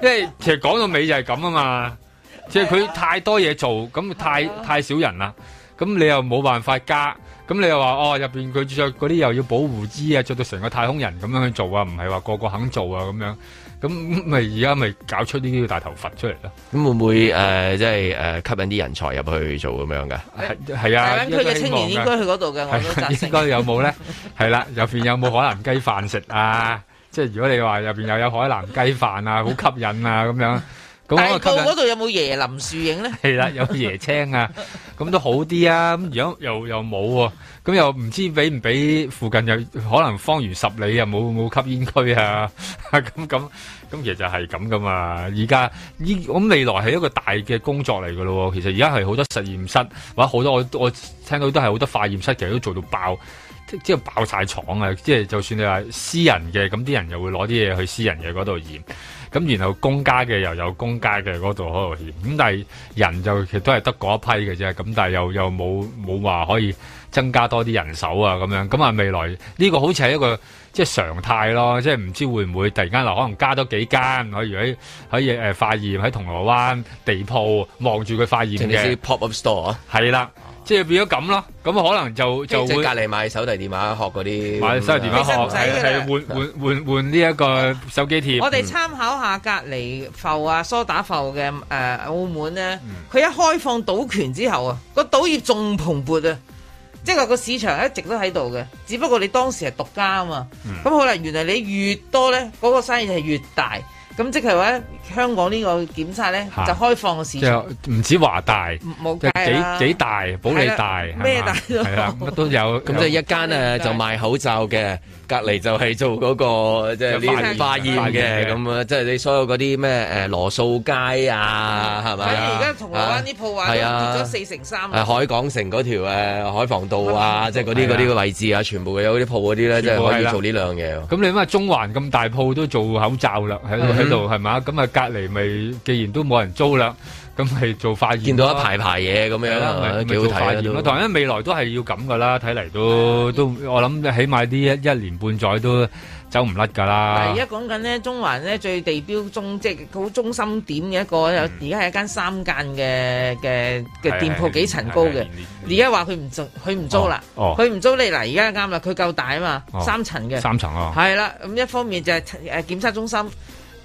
S2: 因為其實講到尾就係咁啊嘛，即係佢太多嘢做，咁太太少人啦，咁你又冇辦法加，咁你又話哦入邊佢著嗰啲又要保護衣啊，著到成個太空人咁樣去做啊，唔係話個個肯做啊咁樣。咁咪而家咪
S1: 搞出呢啲大頭佛出嚟咯？咁會唔會誒、呃、即係誒、呃、吸引啲人才入去做咁樣㗎？係啊，
S2: 大灣區嘅青年應該去
S3: 嗰度嘅，我都覺
S1: 得、啊。應該有冇咧？係啦、 啊，入
S2: 邊有冇海南雞飯食啊？ 即係如果你話入邊又有海南雞飯啊，好吸引啊咁樣。大道嗰度
S3: 有冇椰林樹影咧？係
S2: 啦，有椰青啊，咁 都好啲啊。咁而家又又冇喎、啊，咁又唔知俾唔俾附近又可能方圓十里又冇冇吸煙區啊？咁咁咁其實就係咁噶嘛。而家依我咁未來係一個大嘅工作嚟噶咯。其實而家係好多實驗室，或者好多我我聽到都係好多化驗室，其實都做到爆，即係爆晒廠啊！即係就算你話私人嘅，咁啲人又會攞啲嘢去私人嘅嗰度驗。咁然後公家嘅又有公家嘅嗰度，可能咁，但係人就其實都係得嗰一批嘅啫，咁但係又又冇冇話可以增加多啲人手啊咁樣，咁啊未來呢個好似係一個即係常態咯，即係唔知會唔會突然間嚟可能加多幾間可以喺可以誒發現喺銅鑼灣地鋪望住佢發現嘅 pop up store 啊，係啦。即係變咗咁咯，咁可能就就會隔離買手提電話，學嗰啲買手提電話學係換換換換呢一個手機貼。我哋參
S3: 考下隔離埠啊，蘇打埠嘅誒澳門咧，佢一開放賭權之後啊，個賭業仲蓬勃啊，即係個個市場一直都喺度嘅，只不過你當時係獨家啊嘛。咁好啦，原來你越多咧，嗰個生意係越大。咁即係話香港呢個檢測咧，啊、就開放嘅市場，
S1: 唔止華大，
S2: 冇係、啊、幾，幾
S1: 大，保利大咩、啊、吧大都，乜都有。咁即係一間啊，就賣口罩嘅。隔離就係做嗰個即係啲化煙嘅咁啊，即係你所有嗰啲咩誒羅素街啊，係咪的？而家銅鑼灣啲
S3: 鋪啊，跌咗四成三。海
S1: 港城嗰條海防道啊，即係嗰啲嗰啲位置啊，全部有啲鋪嗰啲咧，即係可以做呢兩樣嘢。
S2: 咁你諗下中環咁大鋪都做口罩啦，喺度喺度係嘛？咁啊、嗯、隔離咪，既然都冇人租啦。咁係做化驗，見到一排排嘢咁樣啊，幾好睇啊！當然未來都係要咁噶啦，睇嚟都都我諗起碼啲一一年半載都走唔甩噶啦。而家
S3: 講緊咧，中環咧最地標中即係好中心點嘅一個，有而家係一間三間嘅嘅嘅店鋪幾層高嘅。而家話佢唔租，佢唔租啦。佢唔租你嗱，而家啱啦，佢夠大啊嘛，三層嘅。三層啊！係啦，咁一方面就係誒檢測中心。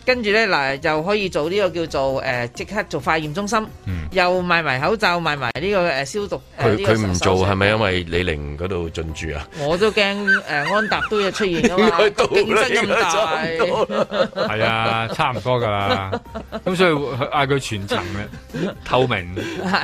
S3: 跟住咧嗱，又可以做呢個叫做誒即刻做化驗中心，又賣埋口罩，賣埋呢個消毒。佢佢唔做
S1: 係咪因為李寧嗰度進駐啊？
S3: 我都驚誒安踏都有出現咯，競爭咁大。
S1: 係啊，差唔多噶啦。
S2: 咁所以嗌佢全程嘅透明，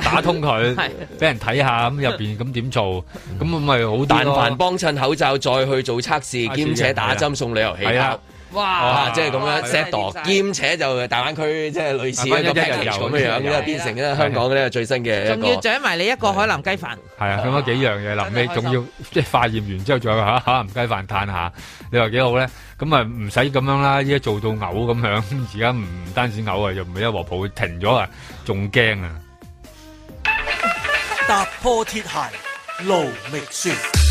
S3: 打通佢，
S1: 俾人睇下咁入面咁點做，咁咪好。但凡幫襯口罩，再去做測試，兼且打針送旅遊氣泡。
S5: 哇！即係咁樣 set
S1: 度，兼且就大灣區即係類
S3: 似一個一日遊咁樣，而家變成咧香港
S1: 咧最新嘅一個，
S2: 仲要
S3: 整埋你一個海南雞飯。
S2: 係啊，咁多幾樣嘢，臨尾仲要即係化驗完之後，再嚇嚇唔海南雞飯嘆下，你話幾好咧？咁啊唔使咁樣啦，依家做到嘔咁樣，而家唔單止嘔啊，又唔係一何普停咗啊，仲驚啊！
S6: 踏破鐵鞋路未船。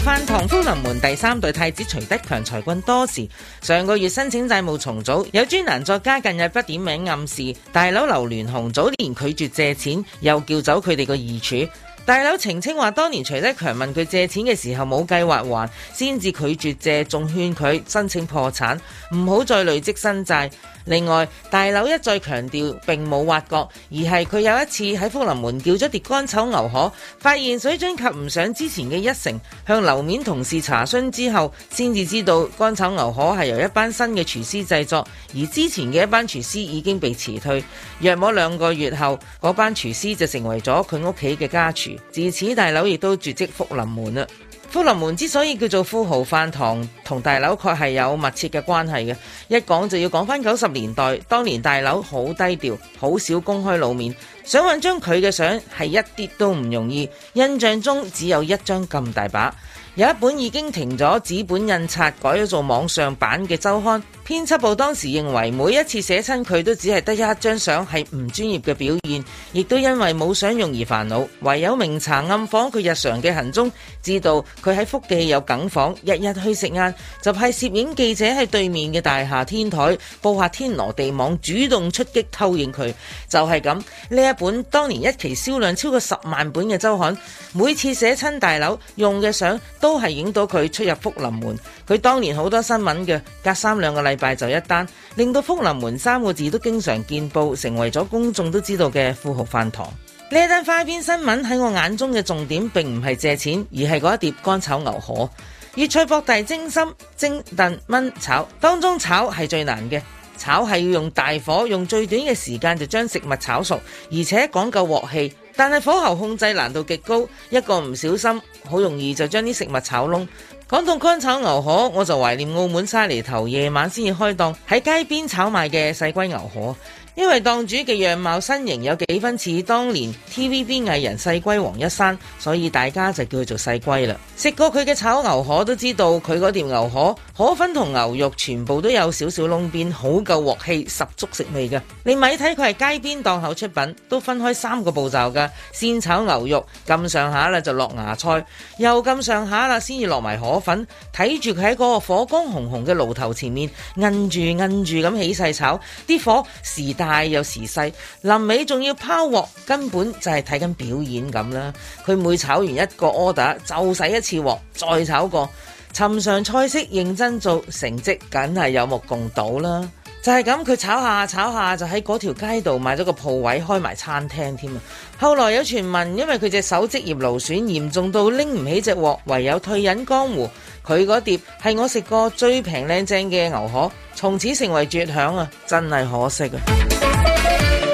S3: 飯堂福臨門第三代太子徐德強財困多時，上個月申請債務重組。有專欄作家近日不點名暗示，大佬劉鑾雄早年拒絕借錢，又叫走佢哋個二處。大佬澄清話，當年徐德強問佢借錢嘅時候冇計劃還，先至拒絕借，仲勸佢申請破產，唔好再累積新債。另外，大柳一再強調並冇挖角，而係佢有一次喺福臨門叫咗碟乾炒牛河，發現水準及唔上之前嘅一成。向樓面同事查詢之後，先至知道乾炒牛河係由一班新嘅廚師製作，而之前嘅一班廚師已經被辭退。約莫兩個月後，嗰班廚師就成為咗佢屋企嘅家廚。自此，大柳亦都絕跡福臨門啦。福臨門之所以叫做富豪飯堂，同大樓確係有密切嘅關係嘅。一講就要講返九十年代，當年大樓好低調，好少公開露面，想揾張佢嘅相係一啲都唔容易。印象中只有一張咁大把。有一本已經停咗紙本印刷，改咗做網上版嘅周刊。編輯部當時認為，每一次寫親佢都只係得一張相，係唔專業嘅表現，亦都因為冇相用而煩惱。唯有明查暗訪佢日常嘅行蹤，知道佢喺福記有梗房，日日去食晏，就派攝影記者喺對面嘅大廈天台布下天羅地網，主動出擊偷影佢。就係咁，呢一本當年一期銷量超過十萬本嘅周刊，每次寫親大樓用嘅相，都係影到佢出入福臨門，佢當年好多新聞嘅，隔三兩個禮拜就一單，令到福臨門三個字都經常見報，成為咗公眾都知道嘅富豪飯堂。呢一單花邊新聞喺我眼中嘅重點，並唔係借錢，而係嗰一碟乾炒牛河。粵菜博大精深，蒸、燉、燜、炒當中，炒是，炒係最難嘅，炒係要用大火，用最短嘅時間就將食物炒熟，而且講究鑊氣。但係火候控制難度極高，一個唔小心，好容易就將啲食物炒燶。講到乾炒牛河，我就懷念澳門沙梨頭夜晚先至開檔喺街邊炒賣嘅細龜牛河。因為檔主嘅樣貌身形有幾分似當年 TVB 藝，藝人細龜王一山，所以大家就叫佢做細龜啦。食過佢嘅炒牛河都知道，佢嗰碟牛河河粉同牛肉全部都有少少燶邊，好夠鑊氣，十足食味㗎。你咪睇佢係街邊檔口出品，都分開三個步驟噶，先炒牛肉咁上下啦，就落芽菜，又咁上下啦，先至落埋河粉，睇住佢喺個火光紅紅嘅爐頭前面，摁住摁住咁起勢炒，啲火時。太有時勢，臨尾仲要拋鑊，根本就係睇緊表演咁啦。佢每炒完一個 order 就洗一次鑊，再炒過尋常菜式，認真做，成績梗係有目共睹啦。就係咁，佢炒下炒下，就喺嗰條街度買咗個鋪位，開埋餐廳添啊！後來有傳聞，因為佢隻手職業勞損嚴重到拎唔起隻鑊，唯有退隱江湖。佢嗰碟係我食過最平靚正嘅牛河，從此成為絕響啊！真係可惜啊！